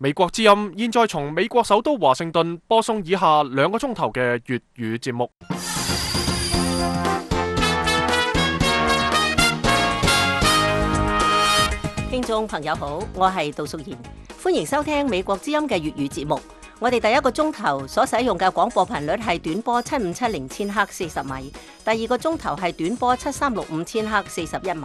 美國之音現在從美國首都華盛頓播送以下兩個鐘頭嘅粵語節目。聽眾朋友好，我係杜淑賢，歡迎收聽美國之音嘅粵語節目。我哋第一個鐘頭所使用嘅廣播頻率係短波七五七零千赫四十米，第二個鐘頭係短波七三六五千赫四十一米。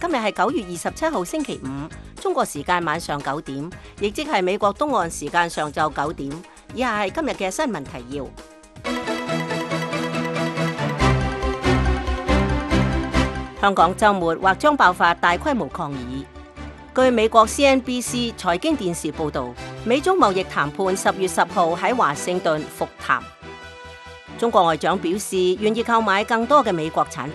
今日係九月二十七號星期五，中國時間晚上九點，亦即係美國東岸時間上晝九點。以下係今日嘅新聞提要：香港周末或將爆發大規模抗議。據美國 CNBC 財經電視報道，美中貿易談判十月十號喺華盛頓復談，中國外長表示願意購買更多嘅美國產品。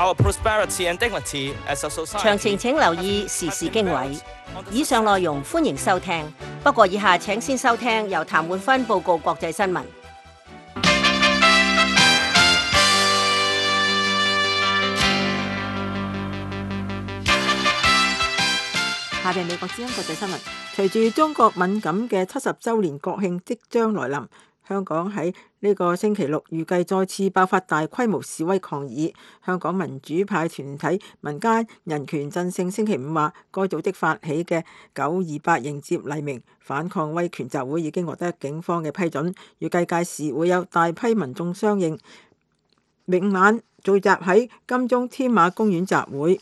詳情請留意《時事經緯》。以上內容歡迎收聽，不過以下請先收聽由譚滿芬報告國際新聞。下邊美國之音國際新聞，隨住中國敏感嘅七十周年國慶即將來臨。香港喺呢個星期六預計再次爆發大規模示威抗議。香港民主派團體民間人權陣線星、星期五話，該組織發起嘅九二八迎接黎明反抗威權集會已經獲得警方嘅批准，預計屆時會有大批民眾響應，明晚聚集喺金鐘添馬公園集會。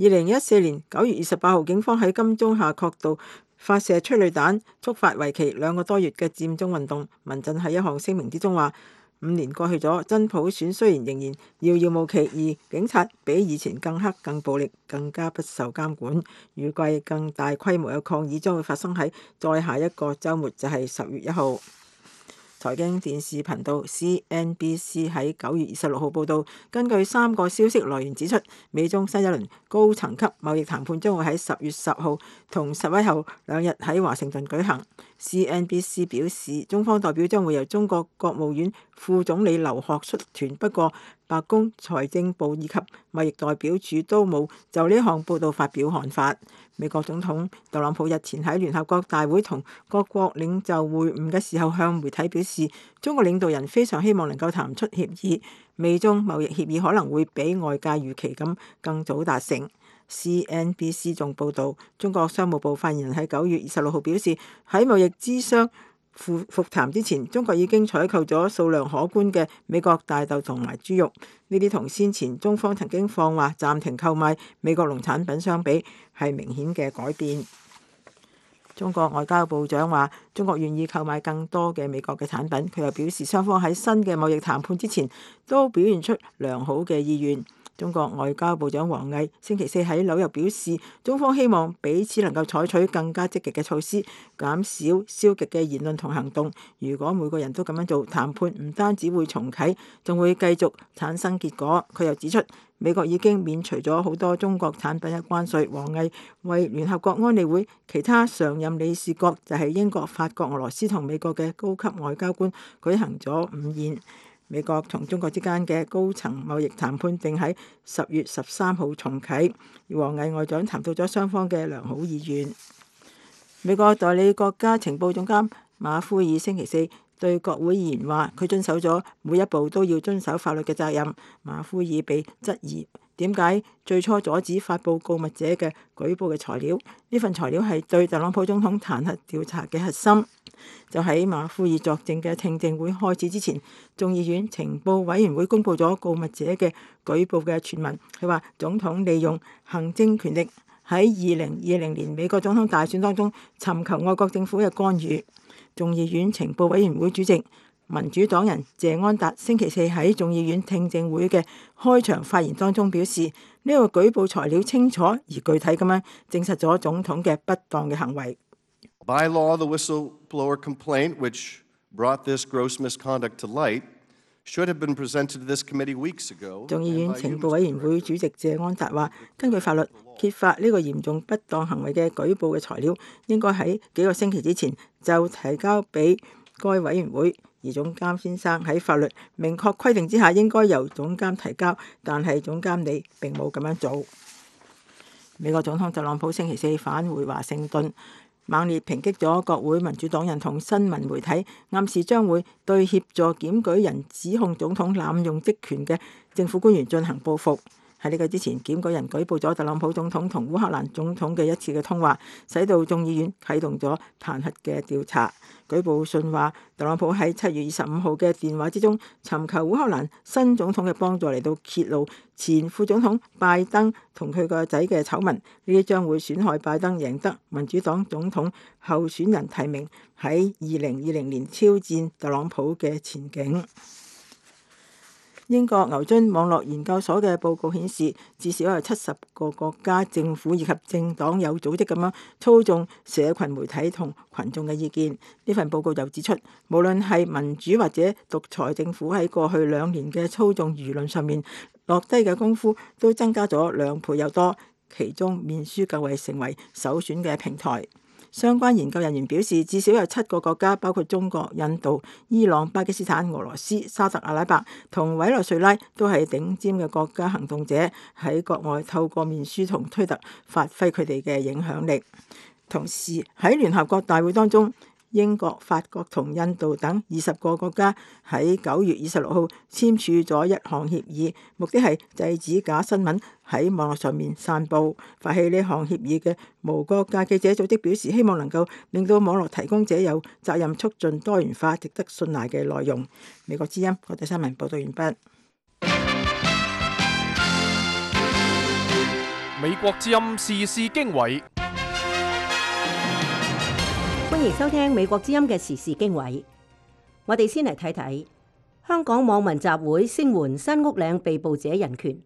二零一四年九月二十八號，警方喺金鐘夏愨道。發射催淚彈，觸發為期兩個多月嘅佔中運動。民陣喺一項聲明之中話：五年過去咗，真普選雖然仍然遙遙無期，而警察比以前更黑、更暴力、更加不受監管。預計更大規模嘅抗議將會發生喺再下一個週末，就係、是、十月一號。財經電視頻道 CNBC 喺九月二十六號報道，根據三個消息來源指出，美中新一輪高層級貿易談判將會喺十月十號同十一號兩日喺華盛頓舉行。CNBC 表示，中方代表將會由中國國務院副總理劉鶴率團，不過白宮、財政部以及貿易代表處都冇就呢項報道發表看法。美國總統特朗普日前喺聯合國大會同各國領袖會晤嘅時候，向媒體表示，中國領導人非常希望能夠談出協議，美中貿易協議可能會比外界預期咁更早達成。CNBC 仲報道，中國商務部發言人喺九月二十六號表示，喺貿易諮商復復談之前，中國已經採購咗數量可觀嘅美國大豆同埋豬肉。呢啲同先前中方曾經放話暫停購買美國農產品相比，係明顯嘅改變。中國外交部長話：中國願意購買更多嘅美國嘅產品。佢又表示，雙方喺新嘅貿易談判之前都表現出良好嘅意願。中國外交部長王毅星期四喺紐約表示，中方希望彼此能夠採取更加積極嘅措施，減少消極嘅言論同行動。如果每個人都咁樣做，談判唔單止會重啟，仲會繼續產生結果。佢又指出，美國已經免除咗好多中國產品嘅關稅。王毅為聯合國安理會其他常任理事國，就係英國、法國、俄羅斯同美國嘅高級外交官舉行咗午宴。美國同中國之間嘅高層貿易談判定喺十月十三號重啟，而王毅外長談到咗雙方嘅良好意願。美國代理國家情報總監馬夫爾星期四對國會議員話，佢遵守咗每一步都要遵守法律嘅責任。馬夫爾被質疑，點解最初阻止發佈告密者嘅舉報嘅材料？呢份材料係對特朗普總統彈劾調查嘅核心，就喺馬庫爾作證嘅聽證會開始之前，眾議院情報委員會公布咗告密者嘅舉報嘅傳聞。佢話總統利用行政權力喺二零二零年美國總統大選當中尋求外國政府嘅干預。眾議院情報委員會主席。民主黨人謝安達星期四喺眾議院聽證會嘅開場發言當中表示，呢個舉報材料清楚而具體咁樣證實咗總統嘅不當嘅行為。眾議院情報委員會主席謝安達話，根據法律，揭發呢個嚴重不當行為嘅舉報嘅材料應該喺幾個星期之前就提交俾該委員會。而總監先生喺法律明確規定之下，應該由總監提交，但係總監你並冇咁樣做。美國總統特朗普星期四返回華盛頓，猛烈抨擊咗國會民主黨人同新聞媒體，暗示將會對協助檢舉人指控總統濫用職權嘅政府官員進行報復。喺呢個之前，檢舉人舉報咗特朗普總統同烏克蘭總統嘅一次嘅通話，使到眾議院啟動咗彈劾嘅調查。舉報信話，特朗普喺七月二十五號嘅電話之中，尋求烏克蘭新總統嘅幫助嚟到揭露前副總統拜登同佢個仔嘅醜聞，呢啲將會損害拜登贏得民主黨總統候選人提名喺二零二零年挑戰特朗普嘅前景。英國牛津網絡研究所嘅報告顯示，至少有七十個國家政府以及政黨有組織咁樣操縱社群媒體同群眾嘅意見。呢份報告又指出，無論係民主或者獨裁政府喺過去兩年嘅操縱輿論上面落低嘅功夫，都增加咗兩倍有多。其中，面書更為成為首選嘅平台。相關研究人員表示，至少有七個國家，包括中國、印度、伊朗、巴基斯坦、俄羅斯、沙特阿拉伯同委內瑞拉，都係頂尖嘅國家行動者，喺國外透過面書同推特發揮佢哋嘅影響力。同時，喺聯合國大會當中，英國、法國同印度等二十個國家喺九月二十六號簽署咗一項協議，目的係制止假新聞喺網絡上面散佈。發起呢項協議嘅無國界記者組織表示，希望能夠令到網絡提供者有責任促進多元化、值得信賴嘅內容。美國之音我哋新聞報道完畢。美國之音時事經緯。歡迎收聽美國之音嘅時事經緯。我哋先嚟睇睇香港網民集會聲援新屋嶺被捕者人權。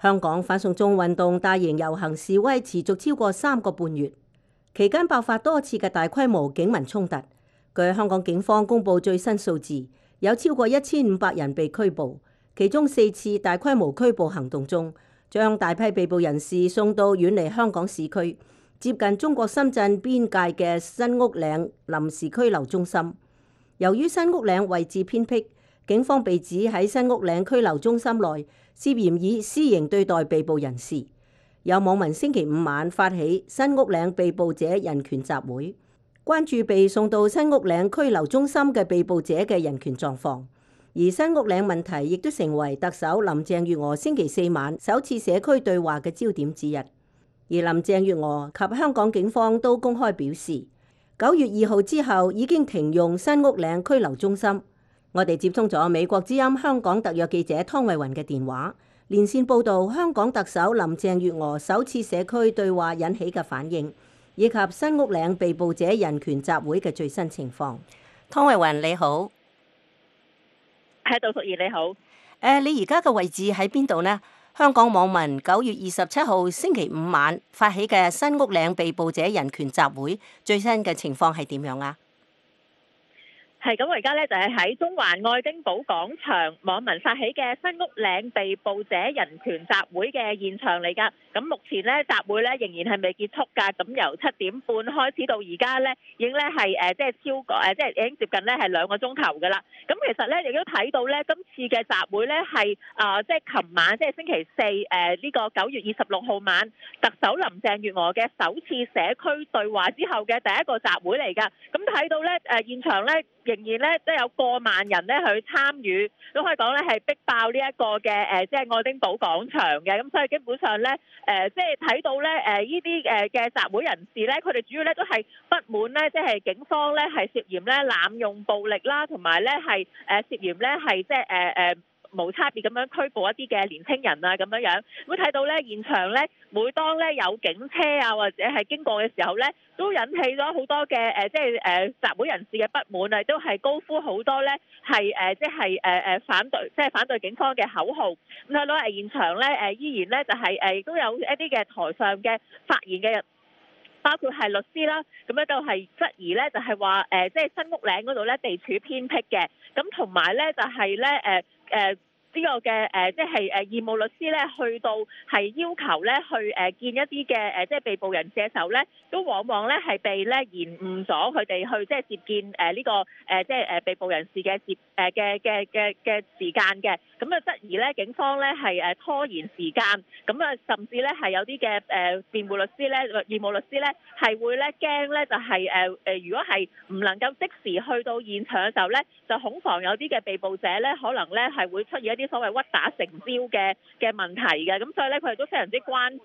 香港反送中運動大型遊行示威持續超過三個半月，期間爆發多次嘅大規模警民衝突。據香港警方公布最新數字，有超過一千五百人被拘捕，其中四次大規模拘捕行動中，將大批被捕人士送到遠離香港市區。接近中國深圳邊界嘅新屋嶺臨時拘留中心，由於新屋嶺位置偏僻，警方被指喺新屋嶺拘留中心內涉嫌以私刑對待被捕人士。有網民星期五晚發起新屋嶺被捕者人權集會，關注被送到新屋嶺拘留中心嘅被捕者嘅人權狀況。而新屋嶺問題亦都成為特首林鄭月娥星期四晚首次社區對話嘅焦點之一。而林鄭月娥及香港警方都公開表示，九月二號之後已經停用新屋嶺拘留中心。我哋接通咗美國之音香港特約記者湯慧雲嘅電話，連線報道香港特首林鄭月娥首次社區對話引起嘅反應，以及新屋嶺被捕者人權集會嘅最新情況。湯慧雲你好，喺度，淑儀你好。誒、啊，你而家嘅位置喺邊度呢？香港網民九月二十七號星期五晚發起嘅新屋嶺被捕者人權集會，最新嘅情況係點樣啊？係咁，我而家咧就係、是、喺中環愛丁堡廣場，網民發起嘅新屋嶺被捕者人權集會嘅現場嚟㗎。咁目前咧集會咧仍然係未結束㗎。咁由七點半開始到而家咧，已經咧係誒即係超過誒即係已經接近咧係兩個鐘頭㗎啦。咁其實咧亦都睇到咧，今次嘅集會咧係啊即係琴晚即係星期四誒呢、呃這個九月二十六號晚，特首林鄭月娥嘅首次社區對話之後嘅第一個集會嚟㗎。咁睇到咧誒、呃、現場咧。仍然咧，都有過萬人咧去參與，都可以講咧係逼爆呢一個嘅誒，即係愛丁堡廣場嘅，咁所以基本上咧，誒即係睇到咧，誒呢啲誒嘅集會人士咧，佢哋主要咧都係不滿咧，即係警方咧係涉嫌咧濫用暴力啦，同埋咧係誒涉嫌咧係即係誒誒。呃呃無差別咁樣拘捕一啲嘅年輕人啊，咁樣樣會睇到咧現場咧，每當咧有警車啊或者係經過嘅時候咧，都引起咗好多嘅誒、呃，即係誒、呃、集會人士嘅不滿啊，都係高呼好多咧，係誒、呃、即係誒誒反對，即係反對警方嘅口號。咁睇落嚟現場咧，誒依然咧就係、是、誒、呃、都有一啲嘅台上嘅發言嘅人，包括係律師啦，咁樣都係質疑咧，就係話誒，即係新屋嶺嗰度咧地處偏僻嘅，咁同埋咧就係咧誒。呃就係咧呃誒呢、呃這個嘅誒、呃、即係誒義務律師咧，去到係要求咧去誒見一啲嘅誒即係被捕人士嘅時候咧，都往往咧係被咧延誤咗佢哋去即係接見誒呢個誒即係誒被捕人士嘅接誒嘅嘅嘅嘅時間嘅。呃咁啊，質疑咧，警方咧係誒拖延時間，咁啊，甚至咧係有啲嘅誒辯護律師咧、義務律師咧，係會咧驚咧，就係誒誒，如果係唔能夠即時去到現場嘅時候咧，就恐防有啲嘅被捕者咧，可能咧係會出現一啲所謂屈打成招嘅嘅問題嘅。咁所以咧，佢哋都非常之關注誒，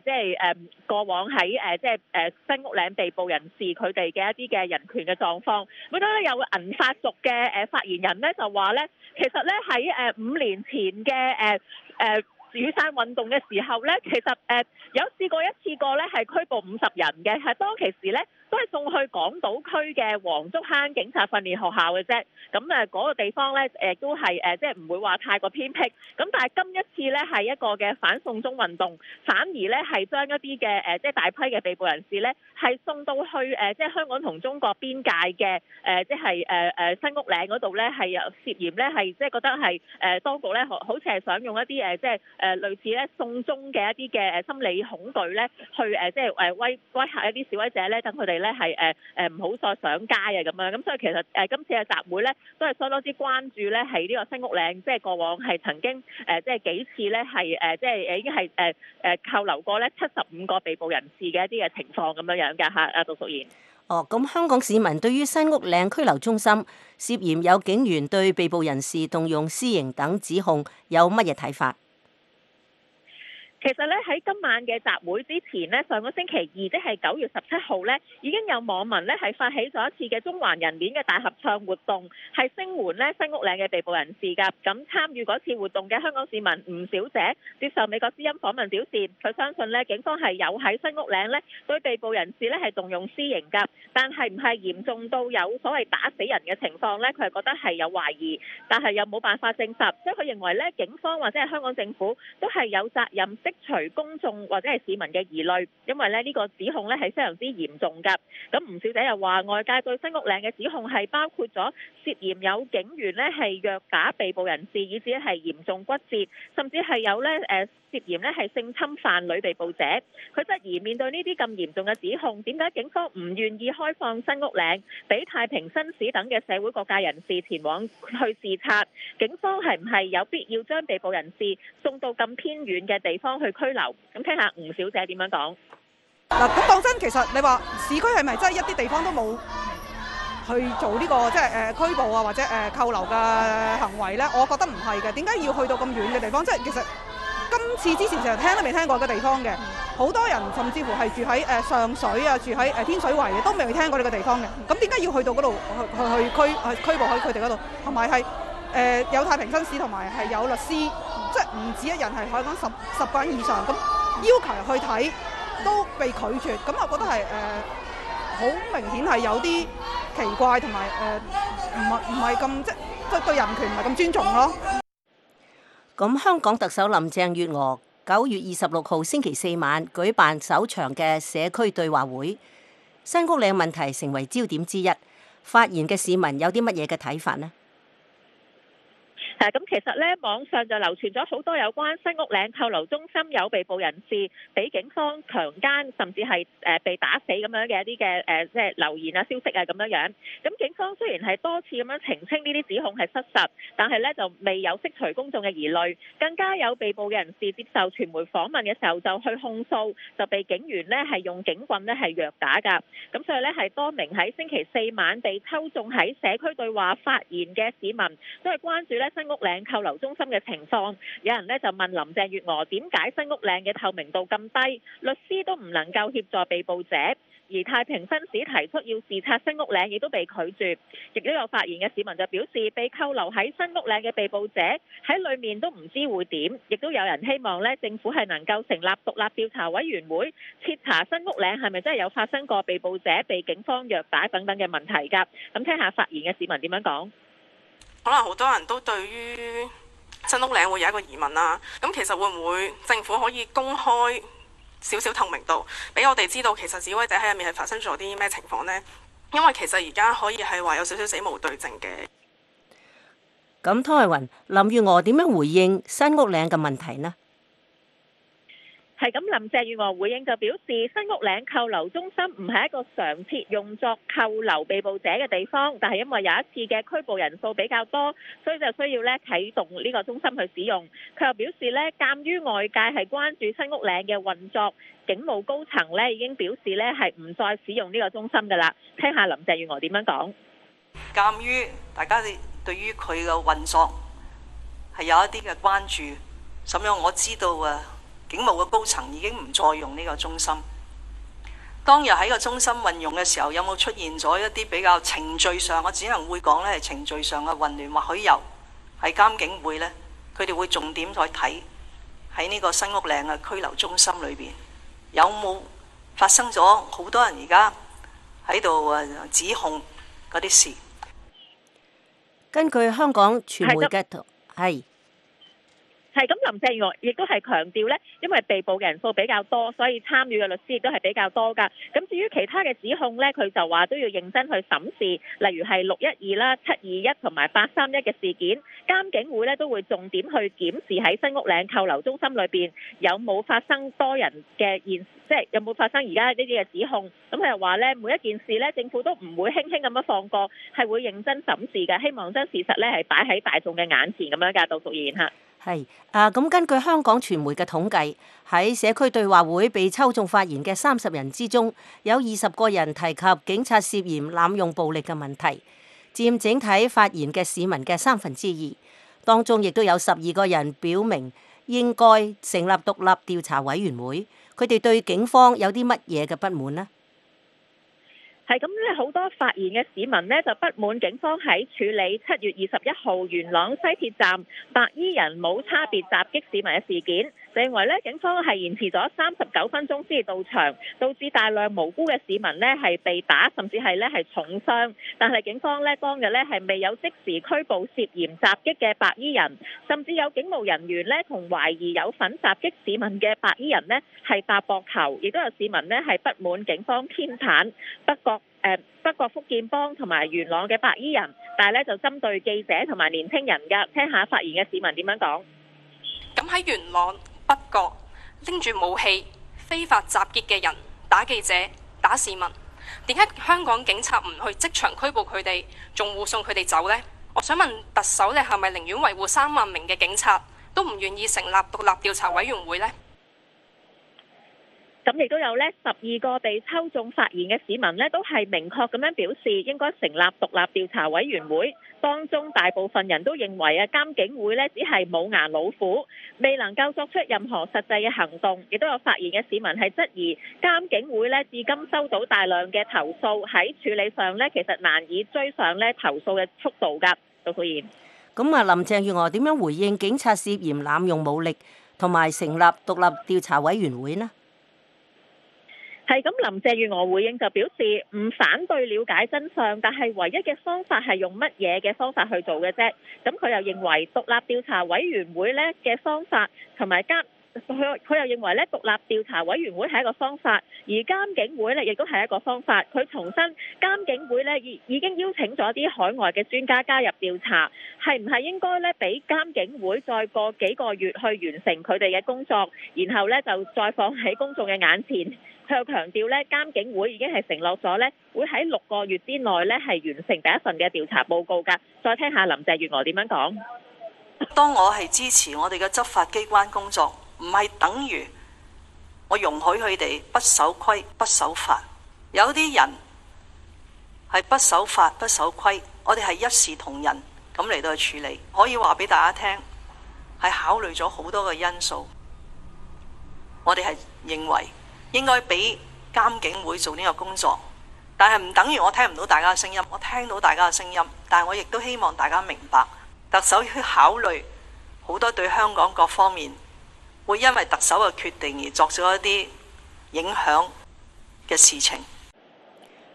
即係誒過往喺誒即係誒新屋嶺被捕人士佢哋嘅一啲嘅人權嘅狀況。咁咧，有銀髮族嘅誒發言人咧就話咧，其實咧喺誒，五年前嘅誒誒雨傘運動嘅時候咧，其實誒、呃、有試過一次過咧，係拘捕五十人嘅，係當其時咧。都係送去港島區嘅黃竹坑警察訓練學校嘅啫。咁誒嗰個地方咧，誒都係誒即係唔會話太過偏僻。咁但係今一次咧係一個嘅反送中運動，反而咧係將一啲嘅誒即係大批嘅被捕人士咧，係送到去誒即係香港同中國邊界嘅誒即係誒誒新屋嶺嗰度咧，係有涉嫌咧係即係覺得係誒當局咧好似係想用一啲誒即係誒類似咧送中嘅一啲嘅誒心理恐懼咧，去誒即係誒威威嚇一啲示威者咧，等佢哋。咧係誒誒，唔好再上街啊！咁樣咁，所以其實誒今次嘅集會咧都係相當之關注咧，喺呢個新屋嶺，即係過往係曾經誒，即係幾次咧係誒，即係誒已經係誒誒扣留過咧七十五個被捕人士嘅一啲嘅情況咁樣樣嘅吓。阿杜淑賢，哦，咁香港市民對於新屋嶺拘留中心涉嫌有警員對被捕人士動用私刑等指控，有乜嘢睇法？其實咧喺今晚嘅集會之前咧，上個星期二即係九月十七號咧，已經有網民咧係發起咗一次嘅中環人鏈嘅大合唱活動，係聲援咧新屋嶺嘅被捕人士㗎。咁參與嗰次活動嘅香港市民吳小姐接受美國之音訪問表示，佢相信咧警方係有喺新屋嶺咧對被捕人士咧係動用私刑㗎，但係唔係嚴重到有所謂打死人嘅情況咧？佢係覺得係有懷疑，但係又冇辦法證實，即係佢認為咧警方或者係香港政府都係有責任除公眾或者係市民嘅疑慮，因為咧呢、呢個指控咧係非常之嚴重㗎。咁吳小姐又話，外界對新屋嶺嘅指控係包括咗涉嫌有警員咧係虐打被捕人士，以至係嚴重骨折，甚至係有咧誒，呃涉嫌呢係性侵犯女被捕者，佢質疑面對呢啲咁嚴重嘅指控，點解警方唔願意開放新屋嶺俾太平紳士等嘅社會各界人士前往去視察？警方係唔係有必要將被捕人士送到咁偏遠嘅地方去拘留？咁聽下吳小姐點樣講？嗱，咁當真其實你話市區係咪真係一啲地方都冇去做呢個即係誒拘捕啊或者誒、呃、扣留嘅行為咧？我覺得唔係嘅，點解要去到咁遠嘅地方？即係其實。今次之前成日聽都未聽過嘅地方嘅，好多人甚至乎係住喺誒上水啊，住喺誒天水圍嘅都未聽過呢個地方嘅。咁點解要去到嗰度去去去拘拘捕喺佢哋嗰度？同埋係誒有太平紳士同埋係有律師，嗯、即係唔止一人係海港十十個人以上咁要求去睇都被拒絕，咁我覺得係誒好明顯係有啲奇怪同埋誒唔係唔係咁即係對人權唔係咁尊重咯。咁香港特首林鄭月娥九月二十六號星期四晚舉辦首場嘅社區對話會，新屋嶺問題成為焦點之一。發言嘅市民有啲乜嘢嘅睇法呢？誒咁其實咧，網上就流傳咗好多有關新屋嶺扣留中心有被捕人士俾警方強姦，甚至係誒被打死咁樣嘅一啲嘅誒即係流言啊、消息啊咁樣樣。咁、嗯、警方雖然係多次咁樣澄清呢啲指控係失實，但係咧就未有釋除公眾嘅疑慮，更加有被捕嘅人士接受傳媒訪問嘅時候，就去控訴，就被警員咧係用警棍咧係虐打㗎，咁、嗯、所以咧係多名喺星期四晚被抽中喺社區對話發言嘅市民都係關注咧新。屋嶺扣留中心嘅情況，有人呢就問林鄭月娥點解新屋嶺嘅透明度咁低，律師都唔能夠協助被捕者，而太平紳士提出要視察新屋嶺，亦都被拒絕。亦都有發言嘅市民就表示，被扣留喺新屋嶺嘅被捕者喺裏面都唔知會點，亦都有人希望呢政府係能夠成立獨立調查委員會，徹查新屋嶺係咪真係有發生過被捕者被警方虐打等等嘅問題噶。咁聽下發言嘅市民點樣講。可能好多人都對於新屋嶺會有一個疑問啦，咁其實會唔會政府可以公開少少透明度，俾我哋知道其實示威者喺入面係發生咗啲咩情況呢？因為其實而家可以係話有少少死無對證嘅。咁湯慧雲、林月娥點樣回應新屋嶺嘅問題呢？係咁，林鄭月娥回應就表示，新屋嶺扣留中心唔係一個常設用作扣留被捕者嘅地方，但係因為有一次嘅拘捕人數比較多，所以就需要咧啟動呢個中心去使用。佢又表示咧，鑑於外界係關注新屋嶺嘅運作，警務高層咧已經表示咧係唔再使用呢個中心噶啦。聽下林鄭月娥點樣講。鑑於大家對於佢嘅運作係有一啲嘅關注，咁樣我知道啊。警務嘅高層已經唔再用呢個中心。當日喺個中心運用嘅時候，有冇出現咗一啲比較程序上，我只能會講咧係程序上嘅混亂，或許有。係監警會咧，佢哋會重點再睇，喺呢個新屋嶺嘅拘留中心裏邊，有冇發生咗好多人而家喺度啊指控嗰啲事。根據香港傳媒嘅係。係咁，林鄭月娥亦都係強調咧，因為被捕嘅人數比較多，所以參與嘅律師亦都係比較多噶。咁至於其他嘅指控咧，佢就話都要認真去審視，例如係六一二啦、七二一同埋八三一嘅事件，監警會咧都會重點去檢視喺新屋嶺扣留中心裏邊有冇發生多人嘅現，即係有冇發生而家呢啲嘅指控。咁佢又話咧，每一件事咧，政府都唔會輕輕咁樣放過，係會認真審視嘅。希望將事實咧係擺喺大眾嘅眼前咁樣噶。杜淑儀嚇。係啊，咁根據香港傳媒嘅統計，喺社區對話會被抽中發言嘅三十人之中，有二十個人提及警察涉嫌濫用暴力嘅問題，佔整體發言嘅市民嘅三分之二。當中亦都有十二個人表明應該成立獨立調查委員會。佢哋對警方有啲乜嘢嘅不滿呢？係咁咧，好多發言嘅市民咧就不滿警方喺處理七月二十一號元朗西鐵站白衣人冇差別襲擊市民嘅事件。認為咧，警方係延遲咗三十九分鐘先至到場，導致大量無辜嘅市民咧係被打，甚至係咧係重傷。但係警方咧當日咧係未有即時拘捕涉嫌襲擊嘅白衣人，甚至有警務人員咧同懷疑有份襲擊市民嘅白衣人咧係搭膊頭，亦都有市民咧係不滿警方偏袒北國誒、呃、北國福建幫同埋元朗嘅白衣人，但係呢，就針對記者同埋年輕人㗎，聽下發言嘅市民點樣講。咁喺元朗。不過拎住武器非法集結嘅人打記者打市民，點解香港警察唔去即場拘捕佢哋，仲護送佢哋走呢？我想問特首，你係咪寧願維護三萬名嘅警察，都唔願意成立獨立調查委員會呢？咁亦都有咧，十二個被抽中發言嘅市民咧，都係明確咁樣表示應該成立獨立調查委員會。當中大部分人都認為啊，監警會咧只係冇牙老虎，未能夠作出任何實際嘅行動。亦都有發言嘅市民係質疑監警會咧，至今收到大量嘅投訴。喺處理上咧，其實難以追上咧投訴嘅速度㗎。杜素賢，咁啊，林鄭月娥點樣回應警察涉嫌濫用武力同埋成立獨立調查委員會呢？係咁，林鄭月娥回應就表示唔反對了解真相，但係唯一嘅方法係用乜嘢嘅方法去做嘅啫。咁佢又認為獨立調查委員會咧嘅方法，同埋監佢，佢又認為咧，獨立調查委員會係一個方法，而監警會咧亦都係一個方法。佢重申監警會咧已已經邀請咗啲海外嘅專家加入調查，係唔係應該咧俾監警會再過幾個月去完成佢哋嘅工作，然後咧就再放喺公眾嘅眼前？佢又強調咧，監警會已經係承諾咗咧，會喺六個月之內咧係完成第一份嘅調查報告㗎。再聽下林鄭月娥點樣講。當我係支持我哋嘅執法機關工作，唔係等於我容許佢哋不守規不守法。有啲人係不守法不守規，我哋係一視同仁咁嚟到去處理。可以話俾大家聽，係考慮咗好多嘅因素。我哋係認為，應該俾監警會做呢個工作，但係唔等於我聽唔到大家嘅聲音，我聽到大家嘅聲音，但係我亦都希望大家明白，特首要去考慮好多對香港各方面會因為特首嘅決定而作咗一啲影響嘅事情。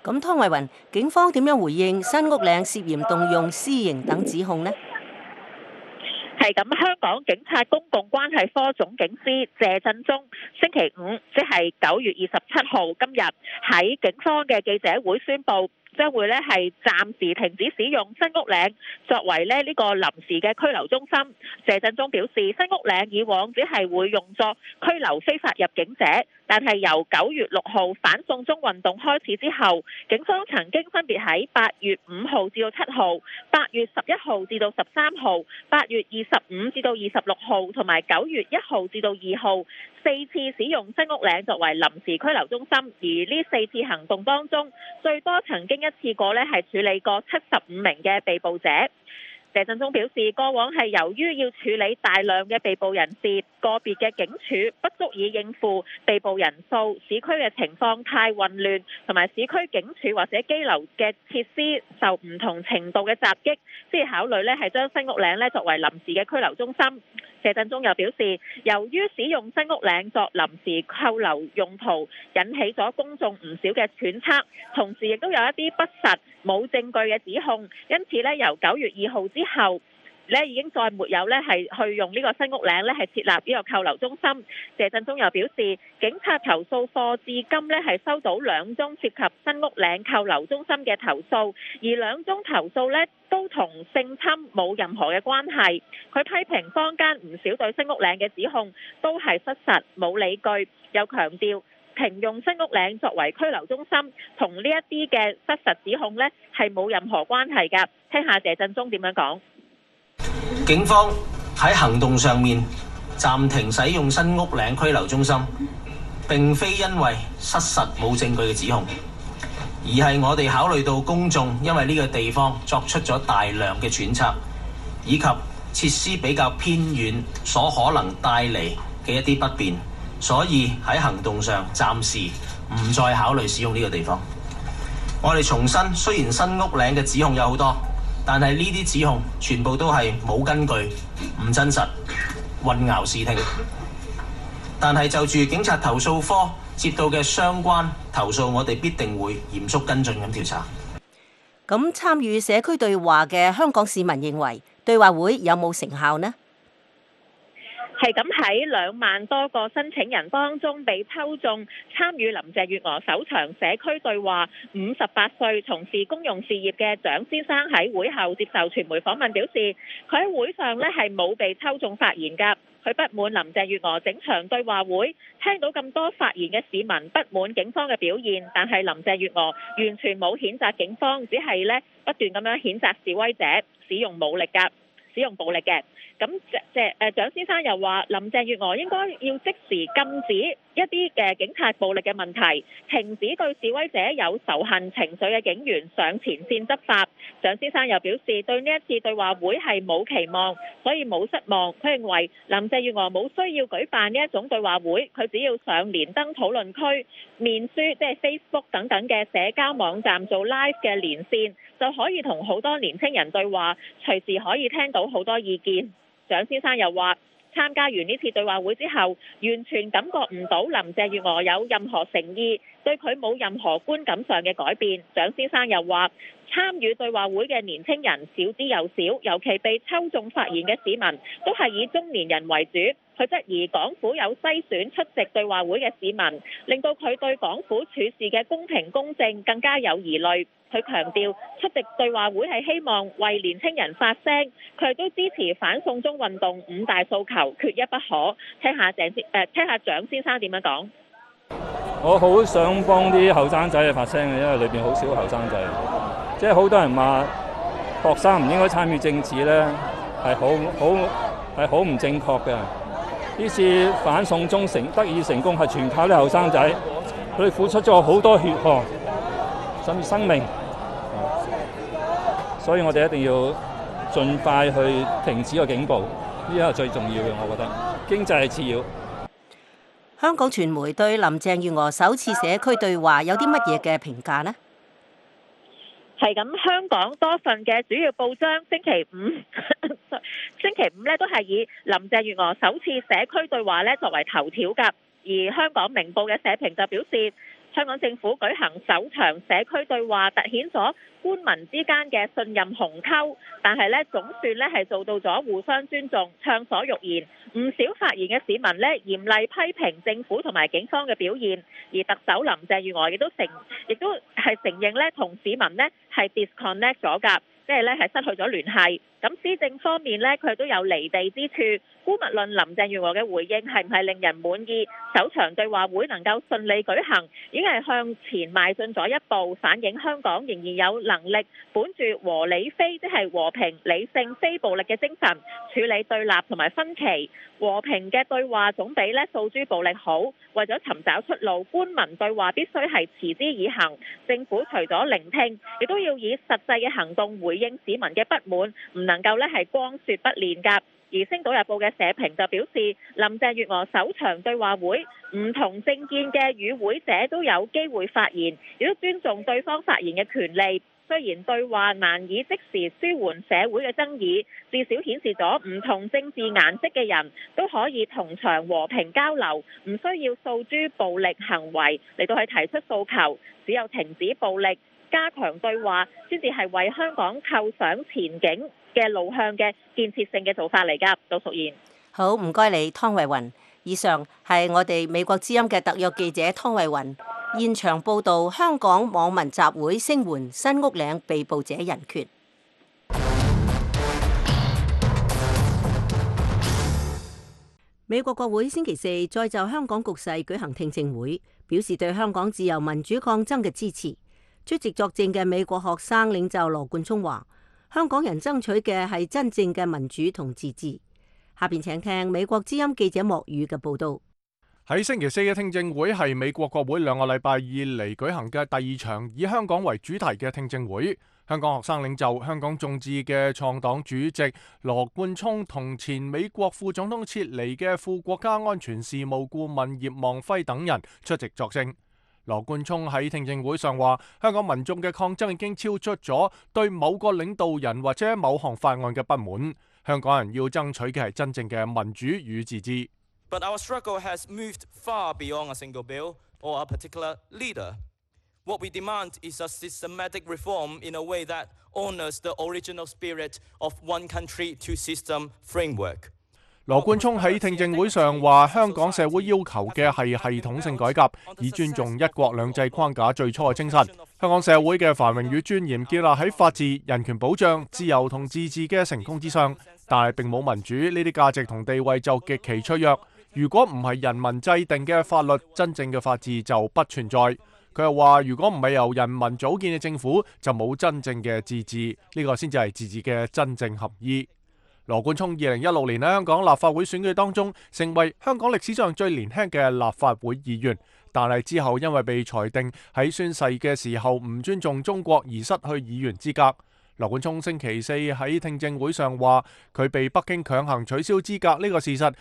咁湯慧雲，警方點樣回應新屋嶺涉嫌動用私刑等指控呢？係咁，香港警察公共關係科總警司謝振中星期五，即係九月二十七號今日，喺警方嘅記者會宣布。將會咧係暫時停止使用新屋嶺作為咧呢個臨時嘅拘留中心。謝振中表示，新屋嶺以往只係會用作拘留非法入境者，但係由九月六號反送中運動開始之後，警方曾經分別喺八月五號至到七號、八月十一號至到十三號、八月二十五至到二十六號同埋九月一號至到二號，四次使用新屋嶺作為臨時拘留中心，而呢四次行動當中，最多曾經一次過咧係處理過七十五名嘅被捕者。謝振中表示，過往係由於要處理大量嘅被捕人士，個別嘅警署不足以應付被捕人數，市區嘅情況太混亂，同埋市區警署或者機樓嘅設施受唔同程度嘅襲擊，先考慮咧係將新屋嶺咧作為臨時嘅拘留中心。謝振中又表示，由於使用新屋領作臨時扣留用途，引起咗公眾唔少嘅揣測，同時亦都有一啲不實冇證據嘅指控，因此咧由九月二號之後，咧已經再沒有咧係去用呢個新屋嶺咧係設立呢個扣留中心。謝振中又表示，警察投訴課至今咧係收到兩宗涉及新屋嶺扣留中心嘅投訴，而兩宗投訴咧都同性侵冇任何嘅關係。佢批評坊間唔少對新屋嶺嘅指控都係失實冇理據，又強調停用新屋嶺作為拘留中心，同呢一啲嘅失實指控咧係冇任何關係㗎。聽下謝振中點樣講。警方喺行動上面暫停使用新屋嶺拘留中心，並非因為失實冇證據嘅指控，而係我哋考慮到公眾因為呢個地方作出咗大量嘅揣測，以及設施比較偏遠，所可能帶嚟嘅一啲不便，所以喺行動上暫時唔再考慮使用呢個地方。我哋重申，雖然新屋嶺嘅指控有好多。但係呢啲指控全部都係冇根據、唔真實、混淆視聽。但係就住警察投訴科接到嘅相關投訴，我哋必定會嚴肅跟進咁調查。咁參與社區對話嘅香港市民認為，對話會有冇成效呢？係咁喺兩萬多個申請人當中被抽中參與林鄭月娥首場社區對話。五十八歲從事公用事業嘅蔣先生喺會後接受傳媒訪問表示，佢喺會上呢係冇被抽中發言㗎。佢不滿林鄭月娥整場對話會聽到咁多發言嘅市民，不滿警方嘅表現，但係林鄭月娥完全冇譴責警方，只係呢不斷咁樣譴責示威者使用武力㗎。使用暴力嘅，咁鄭誒蔣先生又話：林鄭月娥應該要即時禁止一啲嘅警察暴力嘅問題，停止對示威者有仇恨情緒嘅警員上前線執法。蔣先生又表示對呢一次對話會係冇期望，所以冇失望。佢認為林鄭月娥冇需要舉辦呢一種對話會，佢只要上連登討論區、面書，即係 Facebook 等等嘅社交網站做 live 嘅連線，就可以同好多年輕人對話，隨時可以聽到。好多意見，蔣先生又話：參加完呢次對話會之後，完全感覺唔到林鄭月娥有任何誠意，對佢冇任何觀感上嘅改變。蔣先生又話：參與對話會嘅年青人少之又少，尤其被抽中發言嘅市民都係以中年人為主。佢質疑港府有篩選出席對話會嘅市民，令到佢對港府處事嘅公平公正更加有疑慮。佢強調出席對話會係希望為年青人發聲，佢亦都支持反送中運動五大訴求，缺一不可。聽下鄭先，誒、呃、聽下蔣先生點樣講？我好想幫啲後生仔去發聲嘅，因為裏邊好少後生仔。即係好多人話學生唔應該參與政治咧，係好好係好唔正確嘅。呢次反送中成得以成功係全靠啲後生仔，佢哋付出咗好多血汗。甚至生命，所以我哋一定要盡快去停止個警報，呢個係最重要嘅，我覺得經濟係次要。香港傳媒對林鄭月娥首次社區對話有啲乜嘢嘅評價呢？係咁，香港多份嘅主要報章星期五，星期五咧都係以林鄭月娥首次社區對話咧作為頭條㗎，而香港明報嘅社評就表示。香港政府舉行首場社區對話，突顯咗官民之間嘅信任鴻溝，但係咧總算咧係做到咗互相尊重、暢所欲言。唔少發言嘅市民咧嚴厲批評政府同埋警方嘅表現，而特首林鄭月娥亦都承，亦都係承認咧同市民咧係 disconnect 咗㗎，即係咧係失去咗聯繫。咁施政方面咧，佢都有離地之處。姑勿論林鄭月娥嘅回應係唔係令人滿意，首場對話會能夠順利舉行，已經係向前邁進咗一步，反映香港仍然有能力，本住和理非，即係和平理性非暴力嘅精神處理對立同埋分歧。和平嘅對話總比咧訴諸暴力好。為咗尋找出路，官民對話必須係持之以恆。政府除咗聆聽，亦都要以實際嘅行動回應市民嘅不滿。唔能夠咧係光説不練㗎，而《星島日報》嘅社評就表示，林鄭月娥首場對話會，唔同政見嘅與會者都有機會發言，亦都尊重對方發言嘅權利。雖然對話難以即時舒緩社會嘅爭議，至少顯示咗唔同政治顏色嘅人都可以同場和平交流，唔需要訴諸暴力行為嚟到去提出訴求。只有停止暴力，加強對話，先至係為香港構想前景。嘅路向嘅建設性嘅做法嚟噶，杜淑燕。好，唔該你，湯慧雲。以上係我哋美國之音嘅特約記者湯慧雲現場報道。香港網民集會聲援新屋嶺被捕者人權。美國國會星期四再就香港局勢舉行聽證會，表示對香港自由民主抗爭嘅支持。出席作證嘅美國學生領袖羅冠聰話。香港人爭取嘅係真正嘅民主同自治。下面請聽美國之音記者莫宇嘅報道。喺星期四嘅聽證會係美國國會兩個禮拜以嚟舉行嘅第二場以香港為主題嘅聽證會。香港學生領袖、香港眾志嘅創黨主席羅冠聰同前美國副總統撤離嘅副國家安全事務顧問葉望輝等人出席作證。羅冠聰喺聽證會上話：香港民眾嘅抗爭已經超出咗對某個領導人或者某項法案嘅不滿。香港人要爭取嘅係真正嘅民主與自治。But our struggle has moved far beyond a single bill or a particular leader. What we demand is a systematic reform in a way that honors the original spirit of one country, two systems framework. 羅冠聰喺聽證會上話：香港社會要求嘅係系統性改革，以尊重一國兩制框架最初嘅精神。香港社會嘅繁榮與尊嚴建立喺法治、人權保障、自由同自治嘅成功之上，但係並冇民主，呢啲價值同地位就極其脆弱。如果唔係人民制定嘅法律，真正嘅法治就不存在。佢又話：如果唔係由人民組建嘅政府，就冇真正嘅自治，呢個先至係自治嘅真正合意。羅冠聰二零一六年喺香港立法會選舉當中，成為香港歷史上最年輕嘅立法會議員，但係之後因為被裁定喺宣誓嘅時候唔尊重中國而失去議員資格。羅冠聰星期四喺聽證會上話，佢被北京強行取消資格，呢個事實，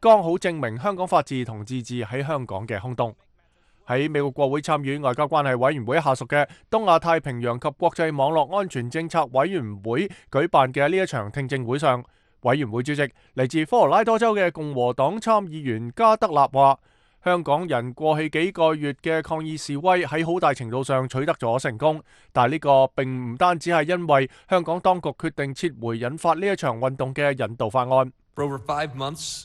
剛好證明香港法治同自治喺香港嘅空洞。喺美國國會參與外交關係委員會下屬嘅東亞太平洋及國際網絡安全政策委員會舉辦嘅呢一場聽證會上，委員會主席嚟自科羅拉多州嘅共和黨參議員加德納話：香港人過去幾個月嘅抗議示威喺好大程度上取得咗成功，但係呢個並唔單止係因為香港當局決定撤回引發呢一場運動嘅引渡法案。Over five months,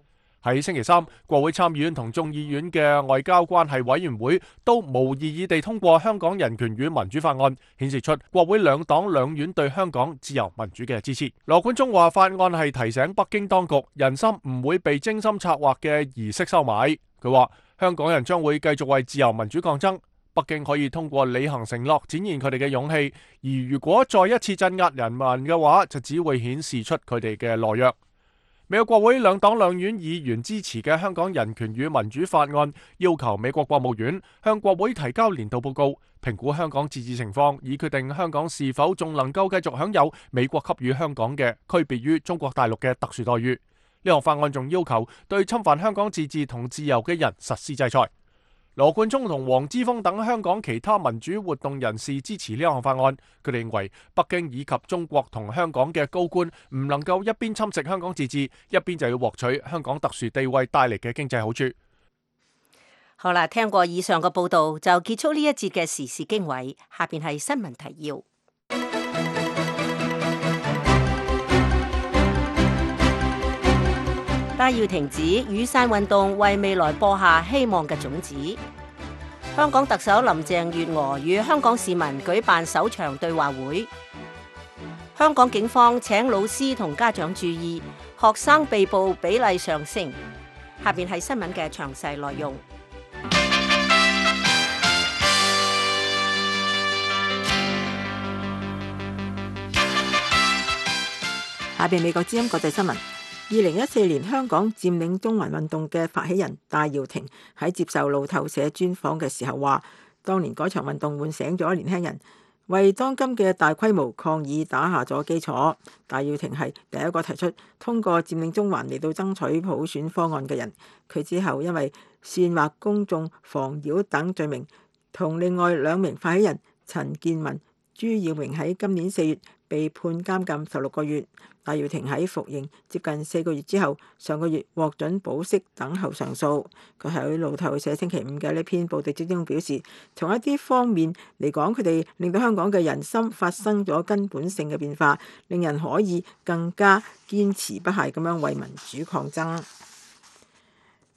喺星期三，國會參院同眾議院嘅外交關係委員會都無異議地通過香港人權與民主法案，顯示出國會兩黨兩院對香港自由民主嘅支持。羅冠中話：法案係提醒北京當局，人心唔會被精心策劃嘅儀式收買。佢話香港人將會繼續為自由民主抗爭，北京可以通過履行承諾展現佢哋嘅勇氣，而如果再一次鎮壓人民嘅話，就只會顯示出佢哋嘅懦弱。美國國會兩黨兩院議員支持嘅香港人權與民主法案，要求美國國務院向國會提交年度報告，評估香港自治情況，以決定香港是否仲能夠繼續享有美國給予香港嘅區別於中國大陸嘅特殊待遇。呢項法案仲要求對侵犯香港自治同自由嘅人實施制裁。羅冠聰同黃之鋒等香港其他民主活動人士支持呢項法案，佢哋認為北京以及中國同香港嘅高官唔能夠一邊侵蝕香港自治，一邊就要獲取香港特殊地位帶嚟嘅經濟好處。好啦，聽過以上嘅報道，就結束呢一節嘅時事經緯，下邊係新聞提要。家要停止雨傘運動，為未來播下希望嘅種子。香港特首林鄭月娥與香港市民舉辦首場對話會。香港警方請老師同家長注意，學生被捕比例上升。下面係新聞嘅詳細內容。下面美國之音國際新聞。二零一四年香港佔領中環運動嘅發起人戴耀廷喺接受路透社專訪嘅時候話，當年嗰場運動喚醒咗年輕人，為當今嘅大規模抗議打下咗基礎。戴耀廷係第一個提出通過佔領中環嚟到爭取普選方案嘅人。佢之後因為煽惑公眾妨擾等罪名，同另外兩名發起人陳建文、朱耀明喺今年四月，被判監禁十六個月，戴耀廷喺服刑接近四個月之後，上個月獲准保釋等候上訴。佢喺路透社星期五嘅呢篇報導之中表示，從一啲方面嚟講，佢哋令到香港嘅人心發生咗根本性嘅變化，令人可以更加堅持不懈咁樣為民主抗爭。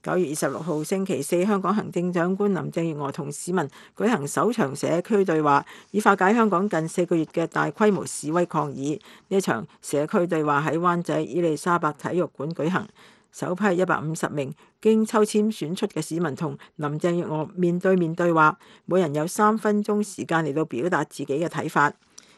九月二十六號星期四，香港行政長官林鄭月娥同市民舉行首場社區對話，以化解香港近四個月嘅大規模示威抗議。呢場社區對話喺灣仔伊利沙伯體育館舉行，首批一百五十名經抽籤選出嘅市民同林鄭月娥面對面對話，每人有三分鐘時間嚟到表達自己嘅睇法。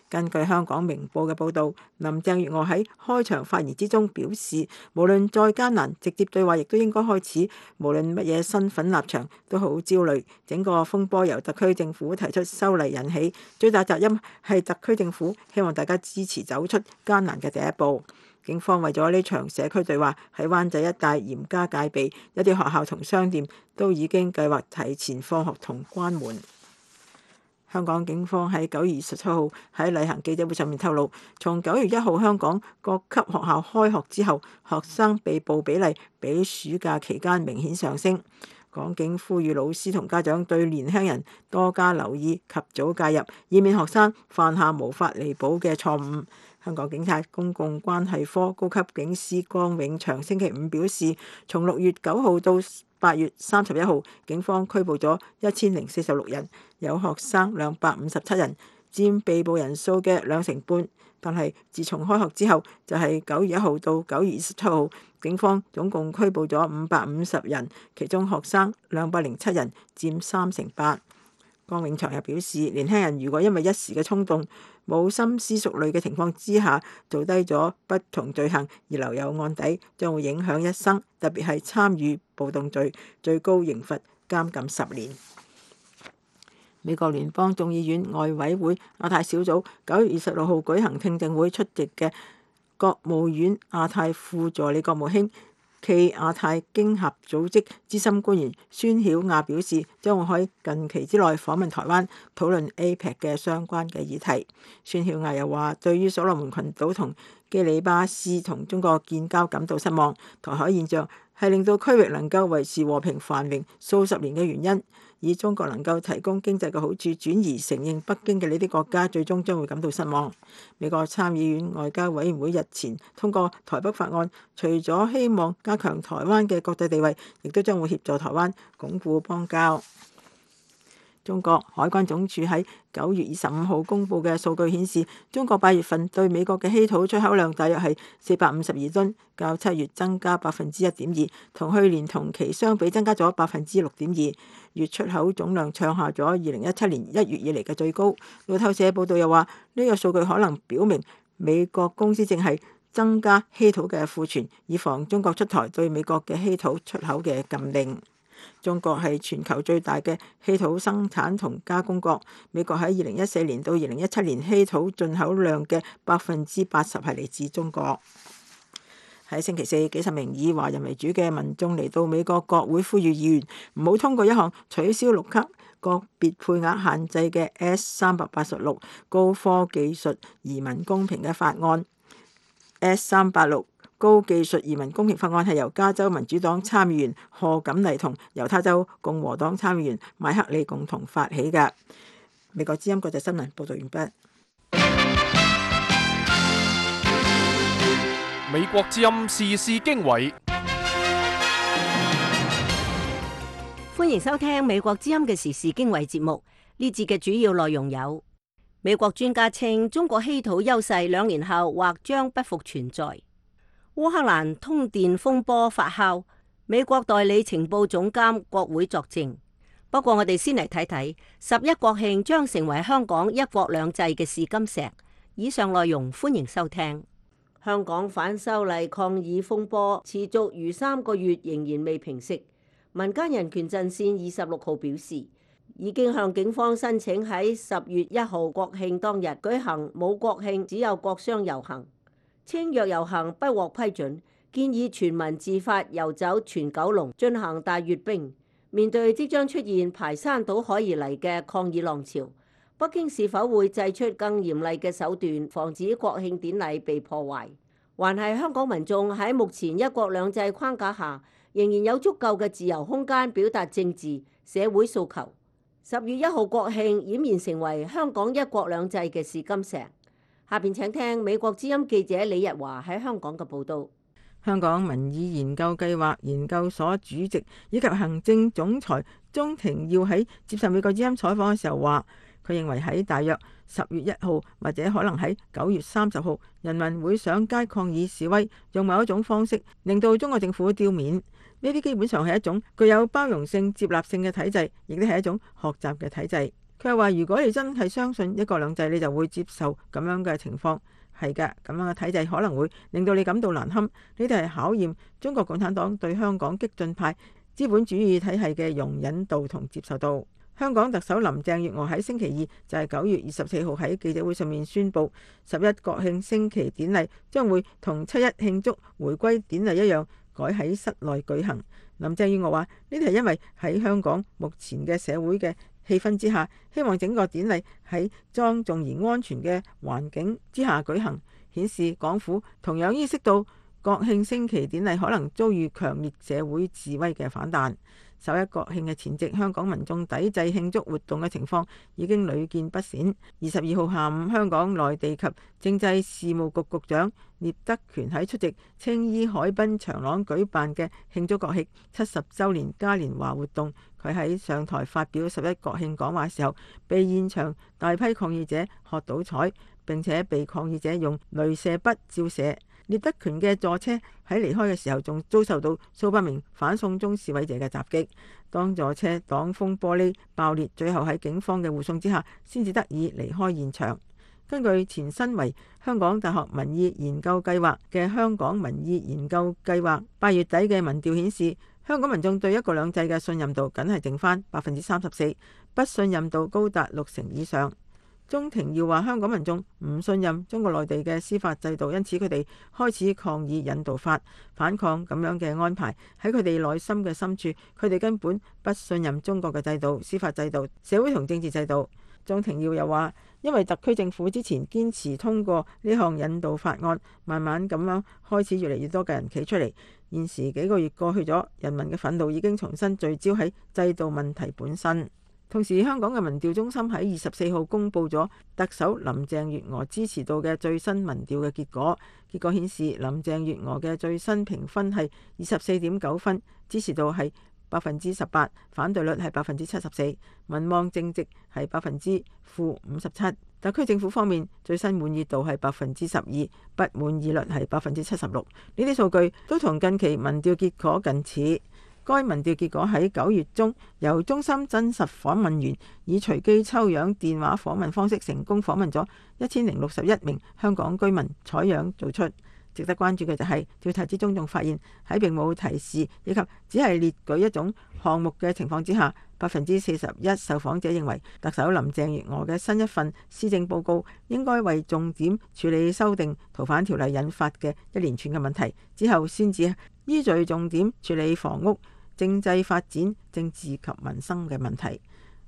根據香港明報嘅報導，林鄭月娥喺開場發言之中表示，無論再艱難，直接對話亦都應該開始。無論乜嘢身份立場，都好焦慮。整個風波由特區政府提出修例引起，最大責任係特區政府。希望大家支持走出艱難嘅第一步。警方為咗呢場社區對話喺灣仔一帶嚴加戒備，一啲學校同商店都已經計劃提前放學同關門。香港警方喺九月十七號喺例行記者會上面透露，從九月一號香港各級學校開學之後，學生被捕比例比暑假期間明顯上升。港警呼籲老師同家長對年輕人多加留意，及早介入，以免學生犯下無法彌補嘅錯誤。香港警察公共關係科高級警司江永祥星期五表示，從六月九號到八月三十一號，警方拘捕咗一千零四十六人，有學生兩百五十七人，佔被捕人數嘅兩成半。但係，自從開學之後，就係九月一號到九月二十七號，警方總共拘捕咗五百五十人，其中學生兩百零七人，佔三成八。江永祥又表示，年輕人如果因為一時嘅衝動，冇深思熟慮嘅情況之下做低咗不同罪行而留有案底，將會影響一生。特別係參與暴動罪，最高刑罰監禁十年。美國聯邦眾議院外委會亞太小組九月二十六號舉行聽證會，出席嘅國務院亞太副助理國務卿暨亞太經合組織資深官員孫曉亞表示，將會喺近期之內訪問台灣，討論 APEC 嘅相關嘅議題。孫曉亞又話，對於所羅門群島同基里巴斯同中國建交感到失望，台海現象係令到區域能夠維持和平繁榮數十年嘅原因。以中國能夠提供經濟嘅好處，轉而承認北京嘅呢啲國家，最終將會感到失望。美國參議院外交委員會日前通過台北法案，除咗希望加強台灣嘅國際地位，亦都將會協助台灣鞏固邦交。中國海關總署喺九月二十五號公布嘅數據顯示，中國八月份對美國嘅稀土出口量大約係四百五十二噸，較七月增加百分之一點二，同去年同期相比增加咗百分之六點二，月出口總量創下咗二零一七年一月以嚟嘅最高。路透社報道又話，呢個數據可能表明美國公司正係增加稀土嘅庫存，以防中國出台對美國嘅稀土出口嘅禁令。中國係全球最大嘅稀土生產同加工國，美國喺二零一四年到二零一七年稀土進口量嘅百分之八十係嚟自中國。喺星期四，幾十名以華人為主嘅民眾嚟到美國國會，呼籲議員唔好通過一項取消六級個別配額限制嘅 S 三百八十六高科技術移民公平嘅法案 S 三百六。高技術移民公平法案係由加州民主黨參議員賀錦麗同猶他州共和黨參議員麥克利共同發起嘅。美國之音國際新聞報道完畢。美國之音時事經緯，歡迎收聽美國之音嘅時事經緯節目。呢節嘅主要內容有：美國專家稱中國稀土優勢兩年後或將不復存在。烏克蘭通電風波發酵，美國代理情報總監國會作證。不過我哋先嚟睇睇，十一國慶將成為香港一國兩制嘅試金石。以上內容歡迎收聽。香港反修例抗議風波持續逾三個月，仍然未平息。民間人權陣線二十六號表示，已經向警方申請喺十月一號國慶當日舉行，冇國慶，只有國殤遊行。清越遊行不獲批准，建議全民自發遊走全九龍進行大閱兵。面對即將出現排山倒海而嚟嘅抗議浪潮，北京是否會祭出更嚴厲嘅手段防止國慶典禮被破壞，還係香港民眾喺目前一國兩制框架下仍然有足夠嘅自由空間表達政治、社會訴求？十月一號國慶儼然成為香港一國兩制嘅試金石。下面請聽美國之音記者李日華喺香港嘅報道。香港民意研究計劃研究所主席以及行政總裁鐘庭耀喺接受美國之音採訪嘅時候話，佢認為喺大約十月一號或者可能喺九月三十號，人民會上街抗議示威，用某一種方式令到中國政府丟面。呢啲基本上係一種具有包容性、接納性嘅體制，亦都係一種學習嘅體制。佢係話：如果你真係相信一國兩制，你就會接受咁樣嘅情況。係㗎，咁樣嘅體制可能會令到你感到難堪。呢啲係考驗中國共產黨對香港激進派資本主義體系嘅容忍度同接受度。香港特首林鄭月娥喺星期二，就係九月二十四號喺記者會上面宣布，十一國慶升旗典禮將會同七一慶祝回歸典禮一樣，改喺室內舉行。林鄭月娥話：呢啲係因為喺香港目前嘅社會嘅氣氛之下，希望整個典禮喺莊重而安全嘅環境之下舉行，顯示港府同樣意識到國慶升旗典禮可能遭遇強烈社會示威嘅反彈。十一國慶嘅前夕，香港民眾抵制慶祝活動嘅情況已經屢見不鮮。二十二號下午，香港內地及政制事務局局長聶德權喺出席青衣海濱長廊舉辦嘅慶祝國慶七十周年嘉年華活動，佢喺上台發表十一國慶講話嘅時候，被現場大批抗議者喝倒彩，並且被抗議者用鐳射筆照射。聶德權嘅座車喺離開嘅時候，仲遭受到數百名反送中示威者嘅襲擊。當座車擋風玻璃爆裂，最後喺警方嘅護送之下，先至得以離開現場。根據前身為香港大學民意研究計劃嘅香港民意研究計劃八月底嘅民調顯示，香港民眾對一國兩制嘅信任度，僅係剩翻百分之三十四，不信任度高達六成以上。鍾庭耀話：香港民眾唔信任中國內地嘅司法制度，因此佢哋開始抗議引渡法反抗咁樣嘅安排。喺佢哋內心嘅深處，佢哋根本不信任中國嘅制度、司法制度、社會同政治制度。鍾庭耀又話：因為特區政府之前堅持通過呢項引渡法案，慢慢咁樣開始越嚟越多嘅人企出嚟。現時幾個月過去咗，人民嘅憤怒已經重新聚焦喺制度問題本身。同時，香港嘅民調中心喺二十四號公布咗特首林鄭月娥支持度嘅最新民調嘅結果。結果顯示，林鄭月娥嘅最新評分係二十四點九分，支持度係百分之十八，反對率係百分之七十四，民望正值係百分之負五十七。特區政府方面，最新滿意度係百分之十二，不滿意率係百分之七十六。呢啲數據都同近期民調結果近似。該民調結果喺九月中由中心真實訪問員以隨機抽樣電話訪問方式，成功訪問咗一千零六十一名香港居民採樣做出。值得關注嘅就係調查之中仲發現，喺並冇提示，以及只係列舉一種項目嘅情況之下，百分之四十一受訪者認為特首林鄭月娥嘅新一份施政報告應該為重點處理修訂逃犯條例引發嘅一連串嘅問題，之後先至依序重點處理房屋、政制發展、政治及民生嘅問題，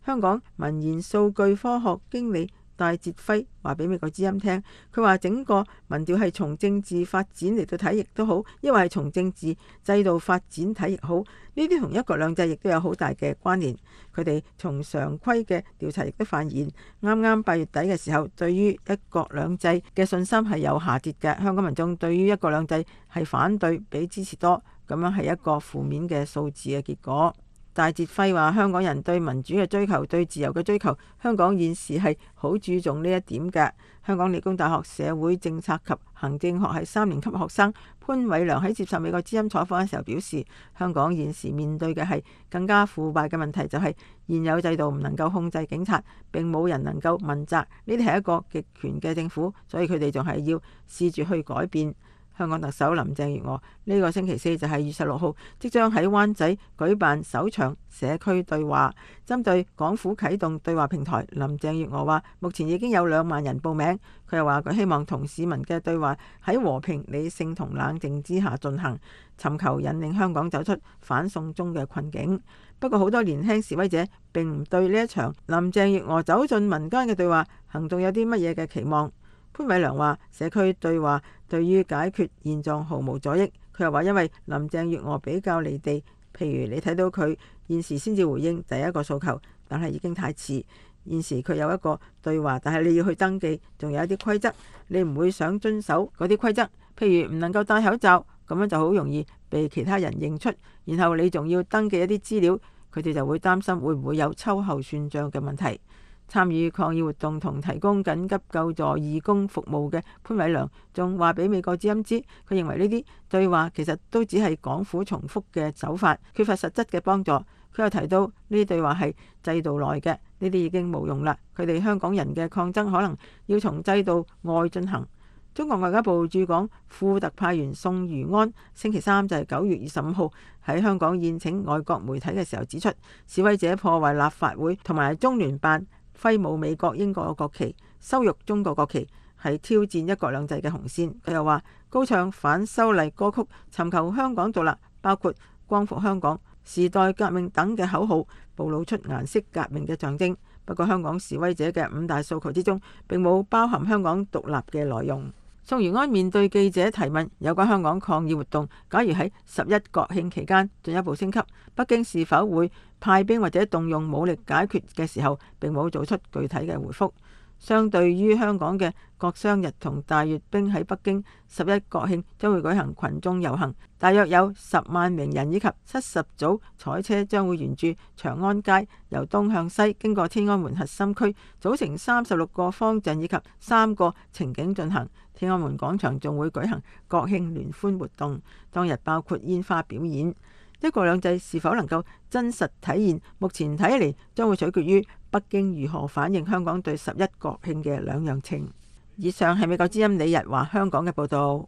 香港民研數據科學經理戴哲輝話俾美國之音聽，佢話整個民調係從政治發展嚟到睇亦都好，抑或係從政治制度發展睇亦好，呢啲同一國兩制亦都有好大嘅關聯。佢哋從常規嘅調查亦都發現，啱啱八月底嘅時候，對於一國兩制嘅信心係有下跌嘅。香港民眾對於一國兩制係反對比支持多。咁樣係一個負面嘅數字嘅結果。戴哲輝話：香港人對民主嘅追求、對自由嘅追求，香港現時係好注重呢一點嘅。香港理工大學社會政策及行政學系三年級學生潘偉良喺接受美國之音採訪嘅時候表示：香港現時面對嘅係更加腐敗嘅問題，就係現有制度唔能夠控制警察，並冇人能夠問責。呢啲係一個極權嘅政府，所以佢哋仲係要試住去改變。香港特首林鄭月娥呢個星期四就係二十六號即將喺灣仔舉辦首場社區對話。針對港府啟動對話平台。林鄭月娥話目前已經有兩萬人報名。佢又話佢希望同市民嘅對話喺和平、理性同冷靜之下進行，尋求引領香港走出反送中嘅困境。不過好多年輕示威者並唔對呢一場林鄭月娥走進民間嘅對話行動有啲乜嘢嘅期望。潘偉良話：社區對話對於解決現狀毫無助益。佢又話：因為林鄭月娥比較離地，譬如你睇到佢現時先至回應第一個訴求，但係已經太遲。現時佢有一個對話，但係你要去登記，仲有一啲規則，你唔會想遵守嗰啲規則。譬如唔能夠戴口罩，咁樣就好容易被其他人認出。然後你仲要登記一啲資料，佢哋就會擔心會唔會有秋後算賬嘅問題。參與抗議活動同提供緊急救助義工服務嘅潘偉良仲話俾美國之音知，佢認為呢啲對話其實都只係港府重複嘅手法，缺乏實質嘅幫助。佢又提到呢啲對話係制度內嘅，呢啲已經冇用啦。佢哋香港人嘅抗爭可能要從制度外進行。中國外交部駐港副特派員宋如安星期三就係九月二十五號喺香港宴請外國媒體嘅時候指出，示威者破壞立法會同埋中聯辦。揮舞美國、英國嘅國旗，羞辱中國國旗，係挑戰一國兩制嘅紅線。佢又話高唱反修例歌曲，尋求香港獨立，包括光復香港、時代革命等嘅口號，暴露出顏色革命嘅象徵。不過香港示威者嘅五大訴求之中，並冇包含香港獨立嘅內容。宋如安面對記者提問有關香港抗議活動，假如喺十一國慶期間進一步升級，北京是否會派兵或者動用武力解決嘅時候，並冇做出具體嘅回覆，相對於香港嘅國殤日同大閱兵。喺北京十一國慶將會舉行群眾遊行，大約有十萬名人以及七十組彩車將會沿住長安街由東向西經過天安門核心區，組成三十六個方陣以及三個情景進行。天安門廣場仲會舉行國慶聯歡活動，當日包括煙花表演。一國兩制是否能夠真實體現？目前睇嚟將會取決於北京如何反映香港對十一國慶嘅兩樣情。以上係美國之音李日華香港嘅報道。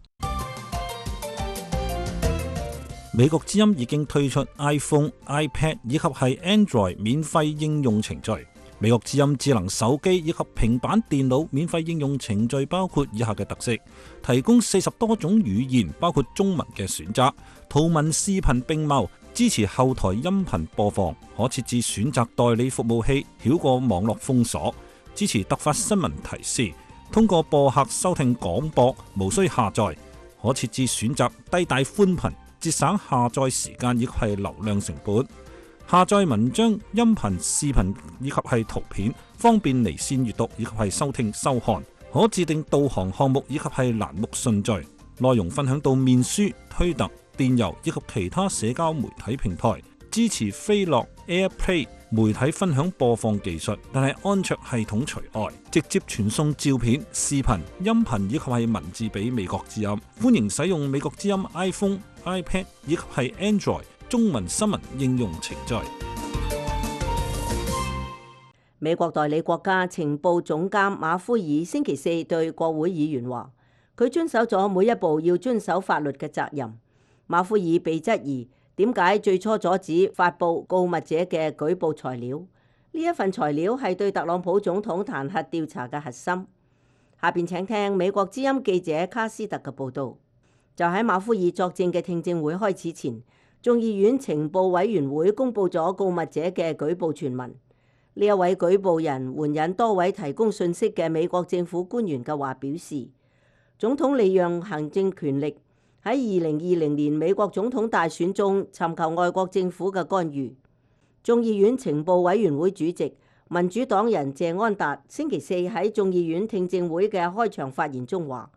美國之音已經推出 iPhone、iPad 以及係 Android 免費應用程序。美國之音智能手機以及平板電腦免費應用程序包括以下嘅特色：提供四十多種語言，包括中文嘅選擇；圖文視頻並茂，支持後台音頻播放；可設置選擇代理服務器，繞過網絡封鎖；支持突發新聞提示；通過播客收聽廣播，無需下載；可設置選擇低帶寬頻，節省下載時間亦係流量成本。下載文章、音頻、視頻以及係圖片，方便離線閱讀以及係收聽收看。可制定導航項目以及係欄目順序。內容分享到面書、推特、電郵以及其他社交媒體平台。支持飛樂 AirPlay 媒體分享播放技術，但係安卓系統除外。直接傳送照片、視頻、音頻以及係文字俾美國之音。歡迎使用美國之音 iPhone、iPad 以及係 Android。中文新聞應用程序。美國代理國家情報總監馬夫爾星期四對國會議員話：佢遵守咗每一步要遵守法律嘅責任。馬夫爾被質疑點解最初阻止發布告密者嘅舉報材料。呢一份材料係對特朗普總統彈劾調查嘅核心。下邊請聽美國之音記者卡斯特嘅報導。就喺馬夫爾作證嘅聽證會開始前，眾議院情報委員會公布咗告密者嘅舉報全文。呢一位舉報人援引多位提供信息嘅美國政府官員嘅話表示，總統利用行政權力喺二零二零年美國總統大選中尋求外國政府嘅干預。眾議院情報委員會主席民主黨人謝安達星期四喺眾議院聽證會嘅開場發言中話。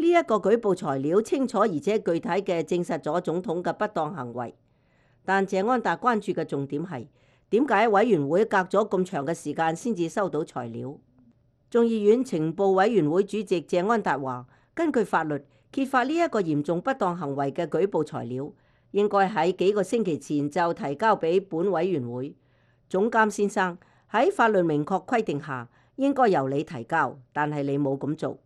呢一個舉報材料清楚而且具體嘅證實咗總統嘅不當行為。但謝安達關注嘅重點係點解委員會隔咗咁長嘅時間先至收到材料？眾議院情報委員會主席謝安達話：根據法律，揭發呢一個嚴重不當行為嘅舉報材料應該喺幾個星期前就提交俾本委員會。總監先生，喺法律明確規定下，應該由你提交，但係你冇咁做。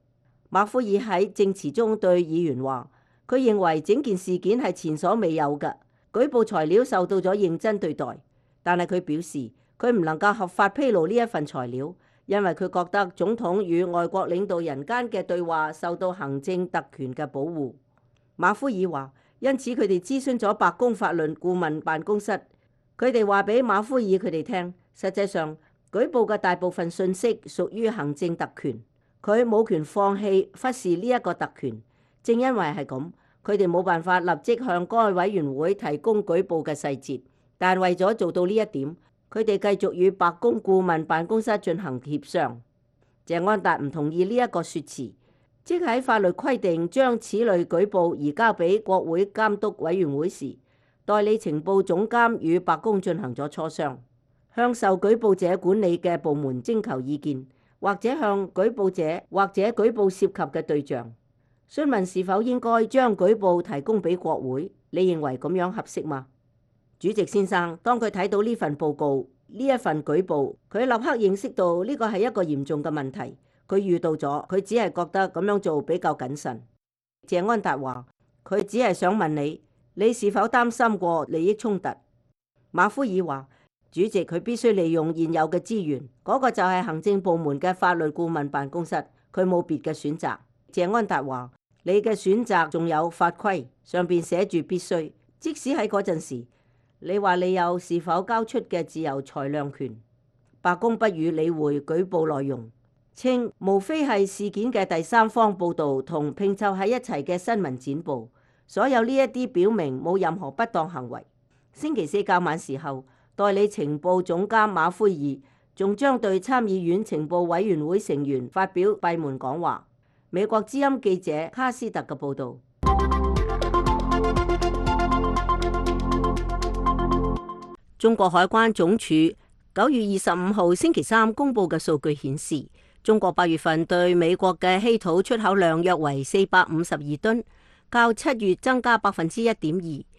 馬夫爾喺證詞中對議員話，佢認為整件事件係前所未有嘅，舉報材料受到咗認真對待，但係佢表示佢唔能夠合法披露呢一份材料，因為佢覺得總統與外國領導人間嘅對話受到行政特權嘅保護。馬夫爾話，因此佢哋諮詢咗白宮法律顧問辦公室，佢哋話俾馬夫爾佢哋聽，實際上舉報嘅大部分信息屬於行政特權。佢冇權放棄忽視呢一個特權，正因為係咁，佢哋冇辦法立即向該委員會提供舉報嘅細節。但為咗做到呢一點，佢哋繼續與白宮顧問辦公室進行協商。鄭安達唔同意呢一個説辭，即喺法律規定將此類舉報移交俾國會監督委員會時，代理情報總監與白宮進行咗磋商，向受舉報者管理嘅部門徵求意見。或者向舉報者，或者舉報涉及嘅對象，詢問是否應該將舉報提供俾國會。你認為咁樣合適嗎？主席先生，當佢睇到呢份報告，呢一份舉報，佢立刻認識到呢個係一個嚴重嘅問題。佢遇到咗，佢只係覺得咁樣做比較謹慎。謝安達話：佢只係想問你，你是否擔心過利益衝突？馬夫爾話。主席，佢必須利用現有嘅資源，嗰個就係行政部門嘅法律顧問辦公室。佢冇別嘅選擇。謝安達話，你嘅選擇仲有法規上邊寫住必須，即使喺嗰陣時，你話你有是否交出嘅自由裁量權，白宮不予理會舉報內容，稱無非係事件嘅第三方報道同拼湊喺一齊嘅新聞剪報，所有呢一啲表明冇任何不當行為，星期四較晚時候。代理情報總監馬奎爾仲將對參議院情報委員會成員發表閉門講話。美國之音記者卡斯特嘅報道。中國海關總署九月二十五號星期三公布嘅數據顯示，中國八月份對美國嘅稀土出口量約為四百五十二噸，較七月增加百分之一點二。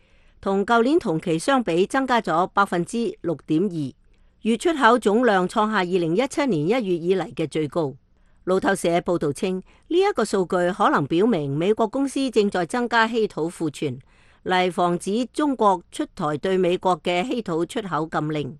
同舊年同期相比，增加咗百分之六點二，月出口總量創下二零一七年一月以來嘅最高。路透社報道稱，呢一個數據可能表明美國公司正在增加稀土庫存，嚟防止中國出台對美國嘅稀土出口禁令。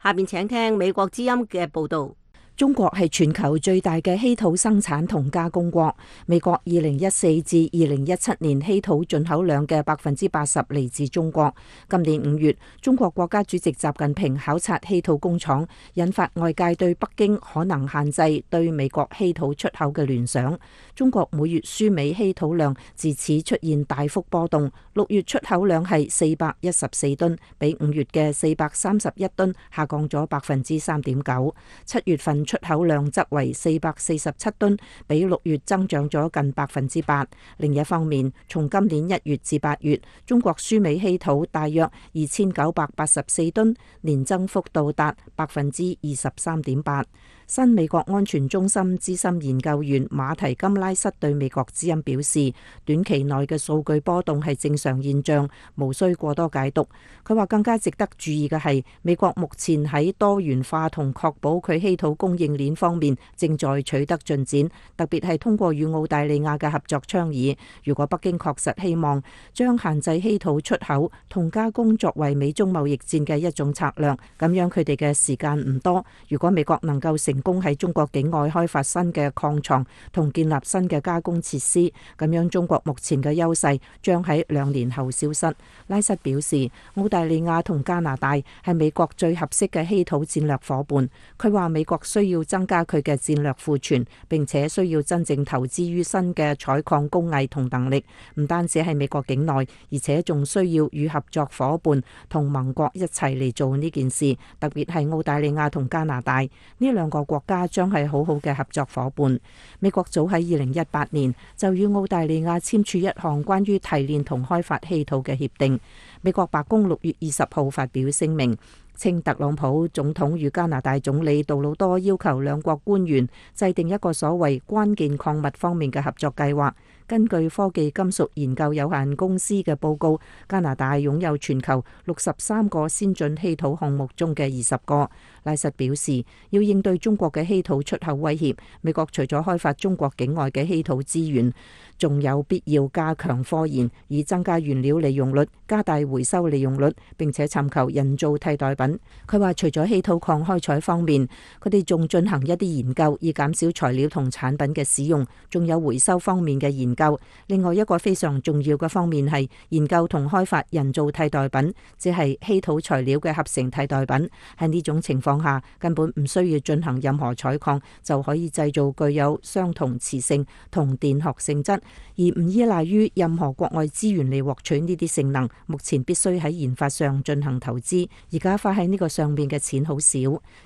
下面請聽美國之音嘅報道。中國係全球最大嘅稀土生產同加工國，美國二零一四至二零一七年稀土進口量嘅百分之八十嚟自中國。今年五月，中國國家主席習近平考察稀土工廠，引發外界對北京可能限制對美國稀土出口嘅聯想。中國每月輸美稀土量自此出現大幅波動，六月出口量係四百一十四噸，比五月嘅四百三十一噸下降咗百分之三點九。七月份出口量則為四百四十七噸，比六月增長咗近百分之八。另一方面，從今年一月至八月，中國輸美稀土大約二千九百八十四噸，年增幅到達百分之二十三點八。新美國安全中心資深研究員馬提金拉塞對美國之音表示，短期內嘅數據波動係正常現象，無需過多解讀。佢話更加值得注意嘅係，美國目前喺多元化同確保佢稀土供應鏈方面正在取得進展，特別係通過與澳大利亞嘅合作倡議。如果北京確實希望將限制稀土出口同加工作為美中貿易戰嘅一種策略，咁樣佢哋嘅時間唔多。如果美國能夠成工喺中國境外開發新嘅礦床同建立新嘅加工設施，咁樣中國目前嘅優勢將喺兩年後消失。拉什表示，澳大利亞同加拿大係美國最合適嘅稀土戰略夥伴。佢話美國需要增加佢嘅戰略庫存，並且需要真正投資於新嘅採礦工藝同能力。唔單止係美國境內，而且仲需要與合作夥伴同盟國一齊嚟做呢件事，特別係澳大利亞同加拿大呢兩個國家將係好好嘅合作夥伴。美國早喺二零一八年就與澳大利亞簽署一項關於提煉同開發稀土嘅協定。美國白宮六月二十號發表聲明，稱特朗普總統與加拿大總理杜魯多要求兩國官員制定一個所謂關鍵礦物方面嘅合作計劃。根據科技金屬研究有限公司嘅報告，加拿大擁有全球六十三個先進稀土項目中嘅二十個。拉實表示，要應對中國嘅稀土出口威脅，美國除咗開發中國境外嘅稀土資源，仲有必要加強科研，以增加原料利用率、加大回收利用率，並且尋求人造替代品。佢話，除咗稀土礦開採方面，佢哋仲進行一啲研究，以減少材料同產品嘅使用，仲有回收方面嘅研究。另外一個非常重要嘅方面係研究同開發人造替代品，即係稀土材料嘅合成替代品。喺呢種情況下，根本唔需要進行任何採礦，就可以製造具有相同磁性同電學性質，而唔依賴於任何國外資源嚟獲取呢啲性能。目前必須喺研發上進行投資，而家花喺呢個上面嘅錢好少。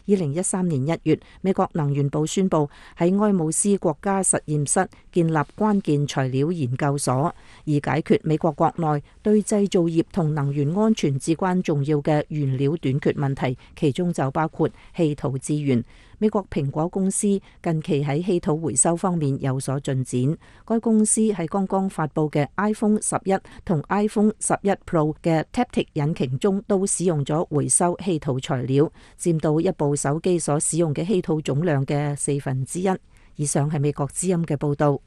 二零一三年一月，美國能源部宣布喺埃姆斯國家實驗室建立關鍵材材料研究所，而解決美國國內對製造業同能源安全至關重要嘅原料短缺問題，其中就包括稀土資源。美國蘋果公司近期喺稀土回收方面有所進展。該公司喺剛剛發佈嘅 iPhone 十一同 iPhone 十一 Pro 嘅 Taptic 引擎中都使用咗回收稀土材料，佔到一部手機所使用嘅稀土總量嘅四分之一。以上係美國之音嘅報道。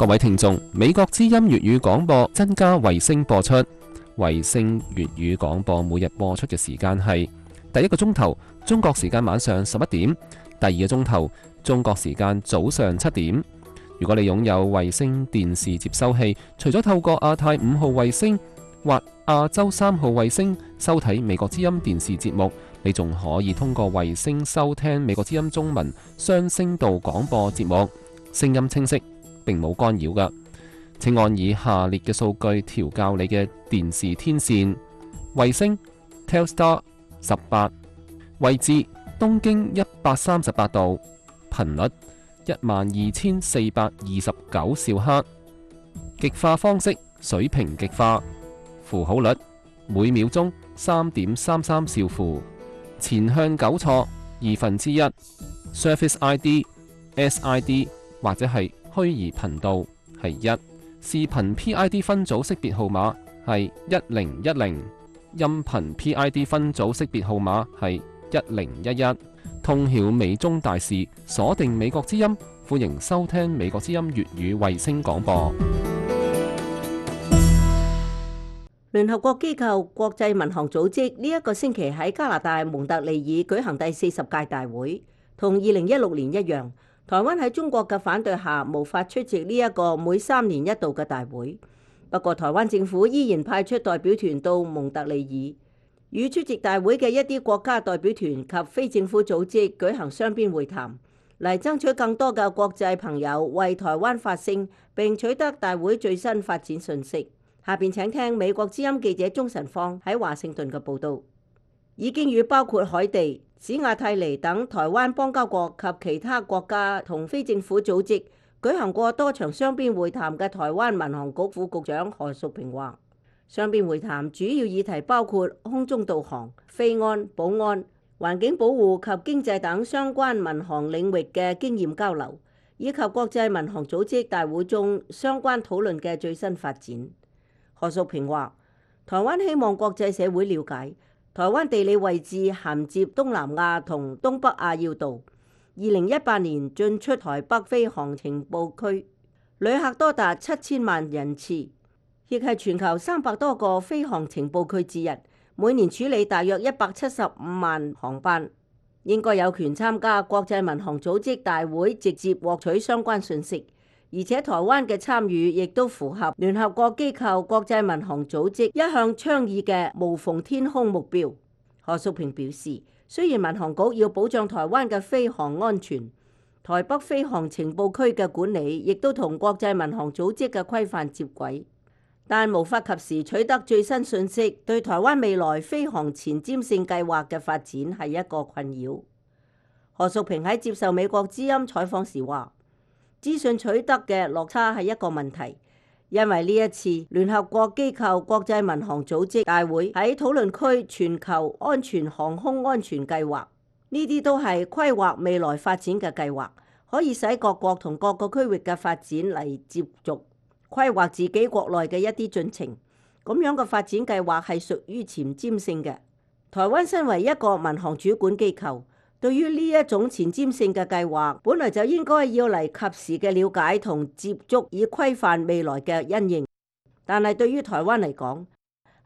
各位聽眾，美國之音粵語廣播增加衛星播出。衛星粵語廣播每日播出嘅時間係第一個鐘頭，中國時間晚上十一點；第二個鐘頭，中國時間早上七點。如果你擁有衛星電視接收器，除咗透過亞太五號衛星或亞洲三號衛星收睇美國之音電視節目，你仲可以通過衛星收聽美國之音中文雙聲道廣播節目，聲音清晰，並冇干擾噶，請按以下列嘅數據調校你嘅電視天線衛星 Telstar 十八，位置東經一百三十八度，頻率一萬二千四百二十九兆赫，極化方式水平極化，符號率每秒鐘三點三三兆負，前向糾錯二分之一 Surface ID S ID 或者係，虛擬頻道係一，視頻 PID 分組識別號碼係一零一零，音頻 PID 分組識別號碼係一零一一。通曉美中大事，鎖定美國之音，歡迎收聽美國之音粵語衛星廣播。聯合國機構國際民航組織呢一個星期喺加拿大蒙特利爾舉行第四十屆大會，同二零一六年一樣。台灣喺中國嘅反對下，無法出席呢一個每三年一度嘅大會。不過，台灣政府依然派出代表團到蒙特利爾，與出席大會嘅一啲國家代表團及非政府組織舉行雙邊會談，嚟爭取更多嘅國際朋友為台灣發聲，並取得大會最新發展信息。下邊請聽美國之音記者鍾晨芳喺華盛頓嘅報道。已經與包括海地史亞泰尼等台灣邦交國及其他國家同非政府組織舉行過多場雙邊會談嘅台灣民航局副局長何淑平話：雙邊會談主要議題包括空中導航、飛安、保安、環境保護及經濟等相關民航領域嘅經驗交流，以及國際民航組織大會中相關討論嘅最新發展。何淑平話：台灣希望國際社會了解。台灣地理位置銜接東南亞同東北亞要道，二零一八年進出台北飛航情報區，旅客多達七千萬人次，亦係全球三百多個飛航情報區之日，每年處理大約一百七十五萬航班，應該有權參加國際民航組織大會，直接獲取相關信息。而且台灣嘅參與亦都符合聯合國機構國際民航組織一向倡議嘅無縫天空目標。何淑平表示，雖然民航局要保障台灣嘅飛航安全，台北飛航情報區嘅管理亦都同國際民航組織嘅規範接軌，但無法及時取得最新信息，對台灣未來飛航前瞻性計劃嘅發展係一個困擾。何淑平喺接受美國之音採訪時話。資訊取得嘅落差係一個問題，因為呢一次聯合國機構國際民航組織大會喺討論區全球安全航空安全計劃，呢啲都係規劃未來發展嘅計劃，可以使各國同各個區域嘅發展嚟接續規劃自己國內嘅一啲進程。咁樣嘅發展計劃係屬於前瞻性嘅。台灣身為一個民航主管機構。對於呢一種前瞻性嘅計劃，本來就應該要嚟及時嘅了解同接觸，以規範未來嘅因應。但係對於台灣嚟講，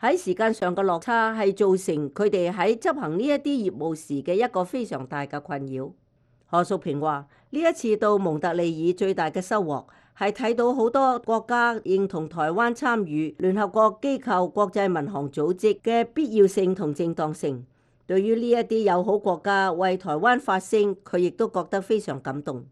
喺時間上嘅落差係造成佢哋喺執行呢一啲業務時嘅一個非常大嘅困擾。何淑平話：呢一次到蒙特利爾，最大嘅收穫係睇到好多國家認同台灣參與聯合國機構國際民航組織嘅必要性同正當性。對於呢一啲友好國家為台灣發聲，佢亦都覺得非常感動。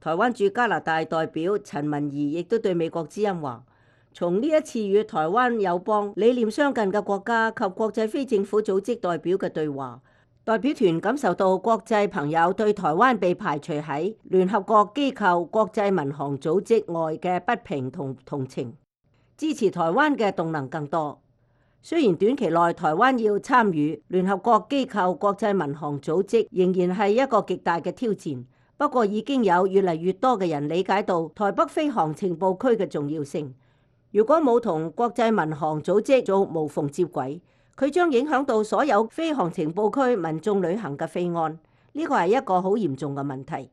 台灣駐加拿大代表陳文儀亦都對美國之音話：從呢一次與台灣友邦理念相近嘅國家及國際非政府組織代表嘅對話，代表團感受到國際朋友對台灣被排除喺聯合國機構、國際民航組織外嘅不平同同情，支持台灣嘅動能更多。雖然短期內台灣要參與聯合國機構、國際民航組織，仍然係一個極大嘅挑戰。不過已經有越嚟越多嘅人理解到台北飛航情報區嘅重要性。如果冇同國際民航組織做無縫接軌，佢將影響到所有飛航情報區民眾旅行嘅飛安，呢個係一個好嚴重嘅問題。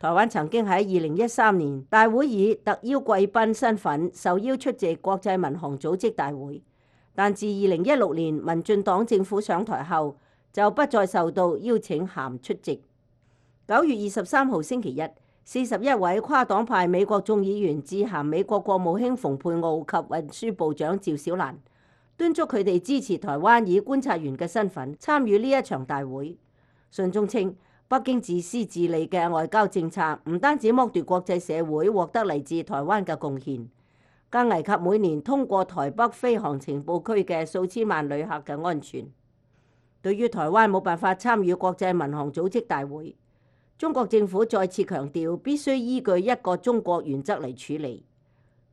台灣曾經喺二零一三年大會以特邀貴賓身份受邀出席國際民航組織大會。但自二零一六年民進黨政府上台後，就不再受到邀請函出席。九月二十三號星期一，四十一位跨黨派美國眾議員致函美國國務卿蓬佩奧及運輸部長趙小蘭，敦促佢哋支持台灣以觀察員嘅身份參與呢一場大會。信中稱，北京自私自利嘅外交政策唔單止剝奪國際社會獲得嚟自台灣嘅貢獻。更危及每年通過台北飛航情報區嘅數千萬旅客嘅安全。對於台灣冇辦法參與國際民航組織大會，中國政府再次強調必須依據一個中國原則嚟處理。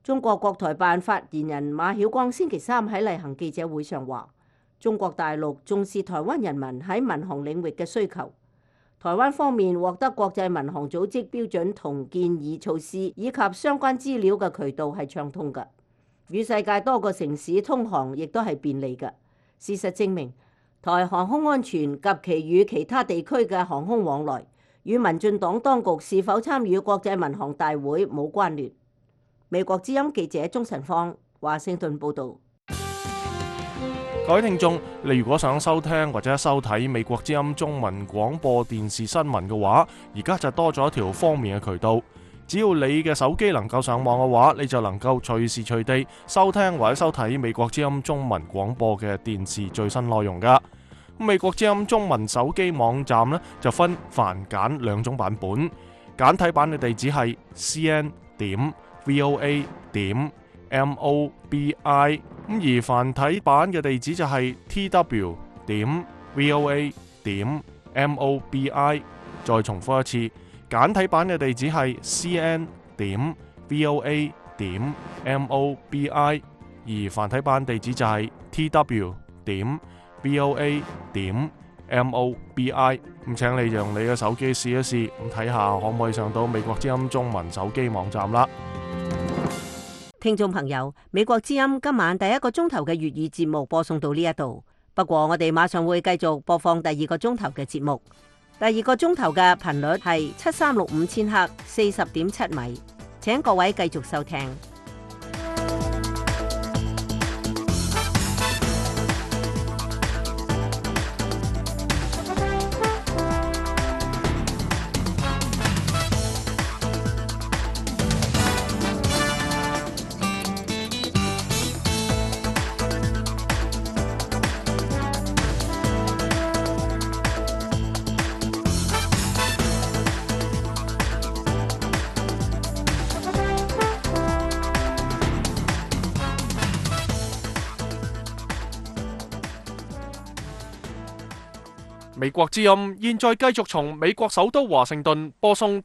中國國台辦發言人馬曉光星期三喺例行記者會上話，中國大陸重視台灣人民喺民航領域嘅需求。台灣方面獲得國際民航組織標準同建議措施以及相關資料嘅渠道係暢通嘅，與世界多個城市通航亦都係便利嘅。事實證明，台航空安全及其與其他地區嘅航空往來，與民進黨當局是否參與國際民航大會冇關聯。美國之音記者鍾辰芳，華盛頓報導。各位聽眾，你如果想收聽或者收睇美國之音中文廣播電視新聞嘅話，而家就多咗一條方面嘅渠道。只要你嘅手機能夠上網嘅話，你就能夠隨時隨地收聽或者收睇美國之音中文廣播嘅電視最新內容噶。美國之音中文手機網站呢就分繁簡兩種版本，簡體版嘅地址係 cn 點 voa 點。M O B I，咁而繁體版嘅地址就係 T W 點 V O A 點 M O B I，再重複一次。簡體版嘅地址係 C N 點 V O A 點 M O B I，而繁體版地址就係 T W 點 V O A 點 M O B I。咁請你用你嘅手機試一試，咁睇下可唔可以上到美國之音中文手機網站啦。聽眾朋友，美國之音今晚第一個鐘頭嘅粵語節目播送到呢一度，不過我哋馬上會繼續播放第二個鐘頭嘅節目。第二個鐘頭嘅頻率係七三六五千赫，四十點七米，請各位繼續收聽。美國之音現在繼續從美國首都華盛頓播送。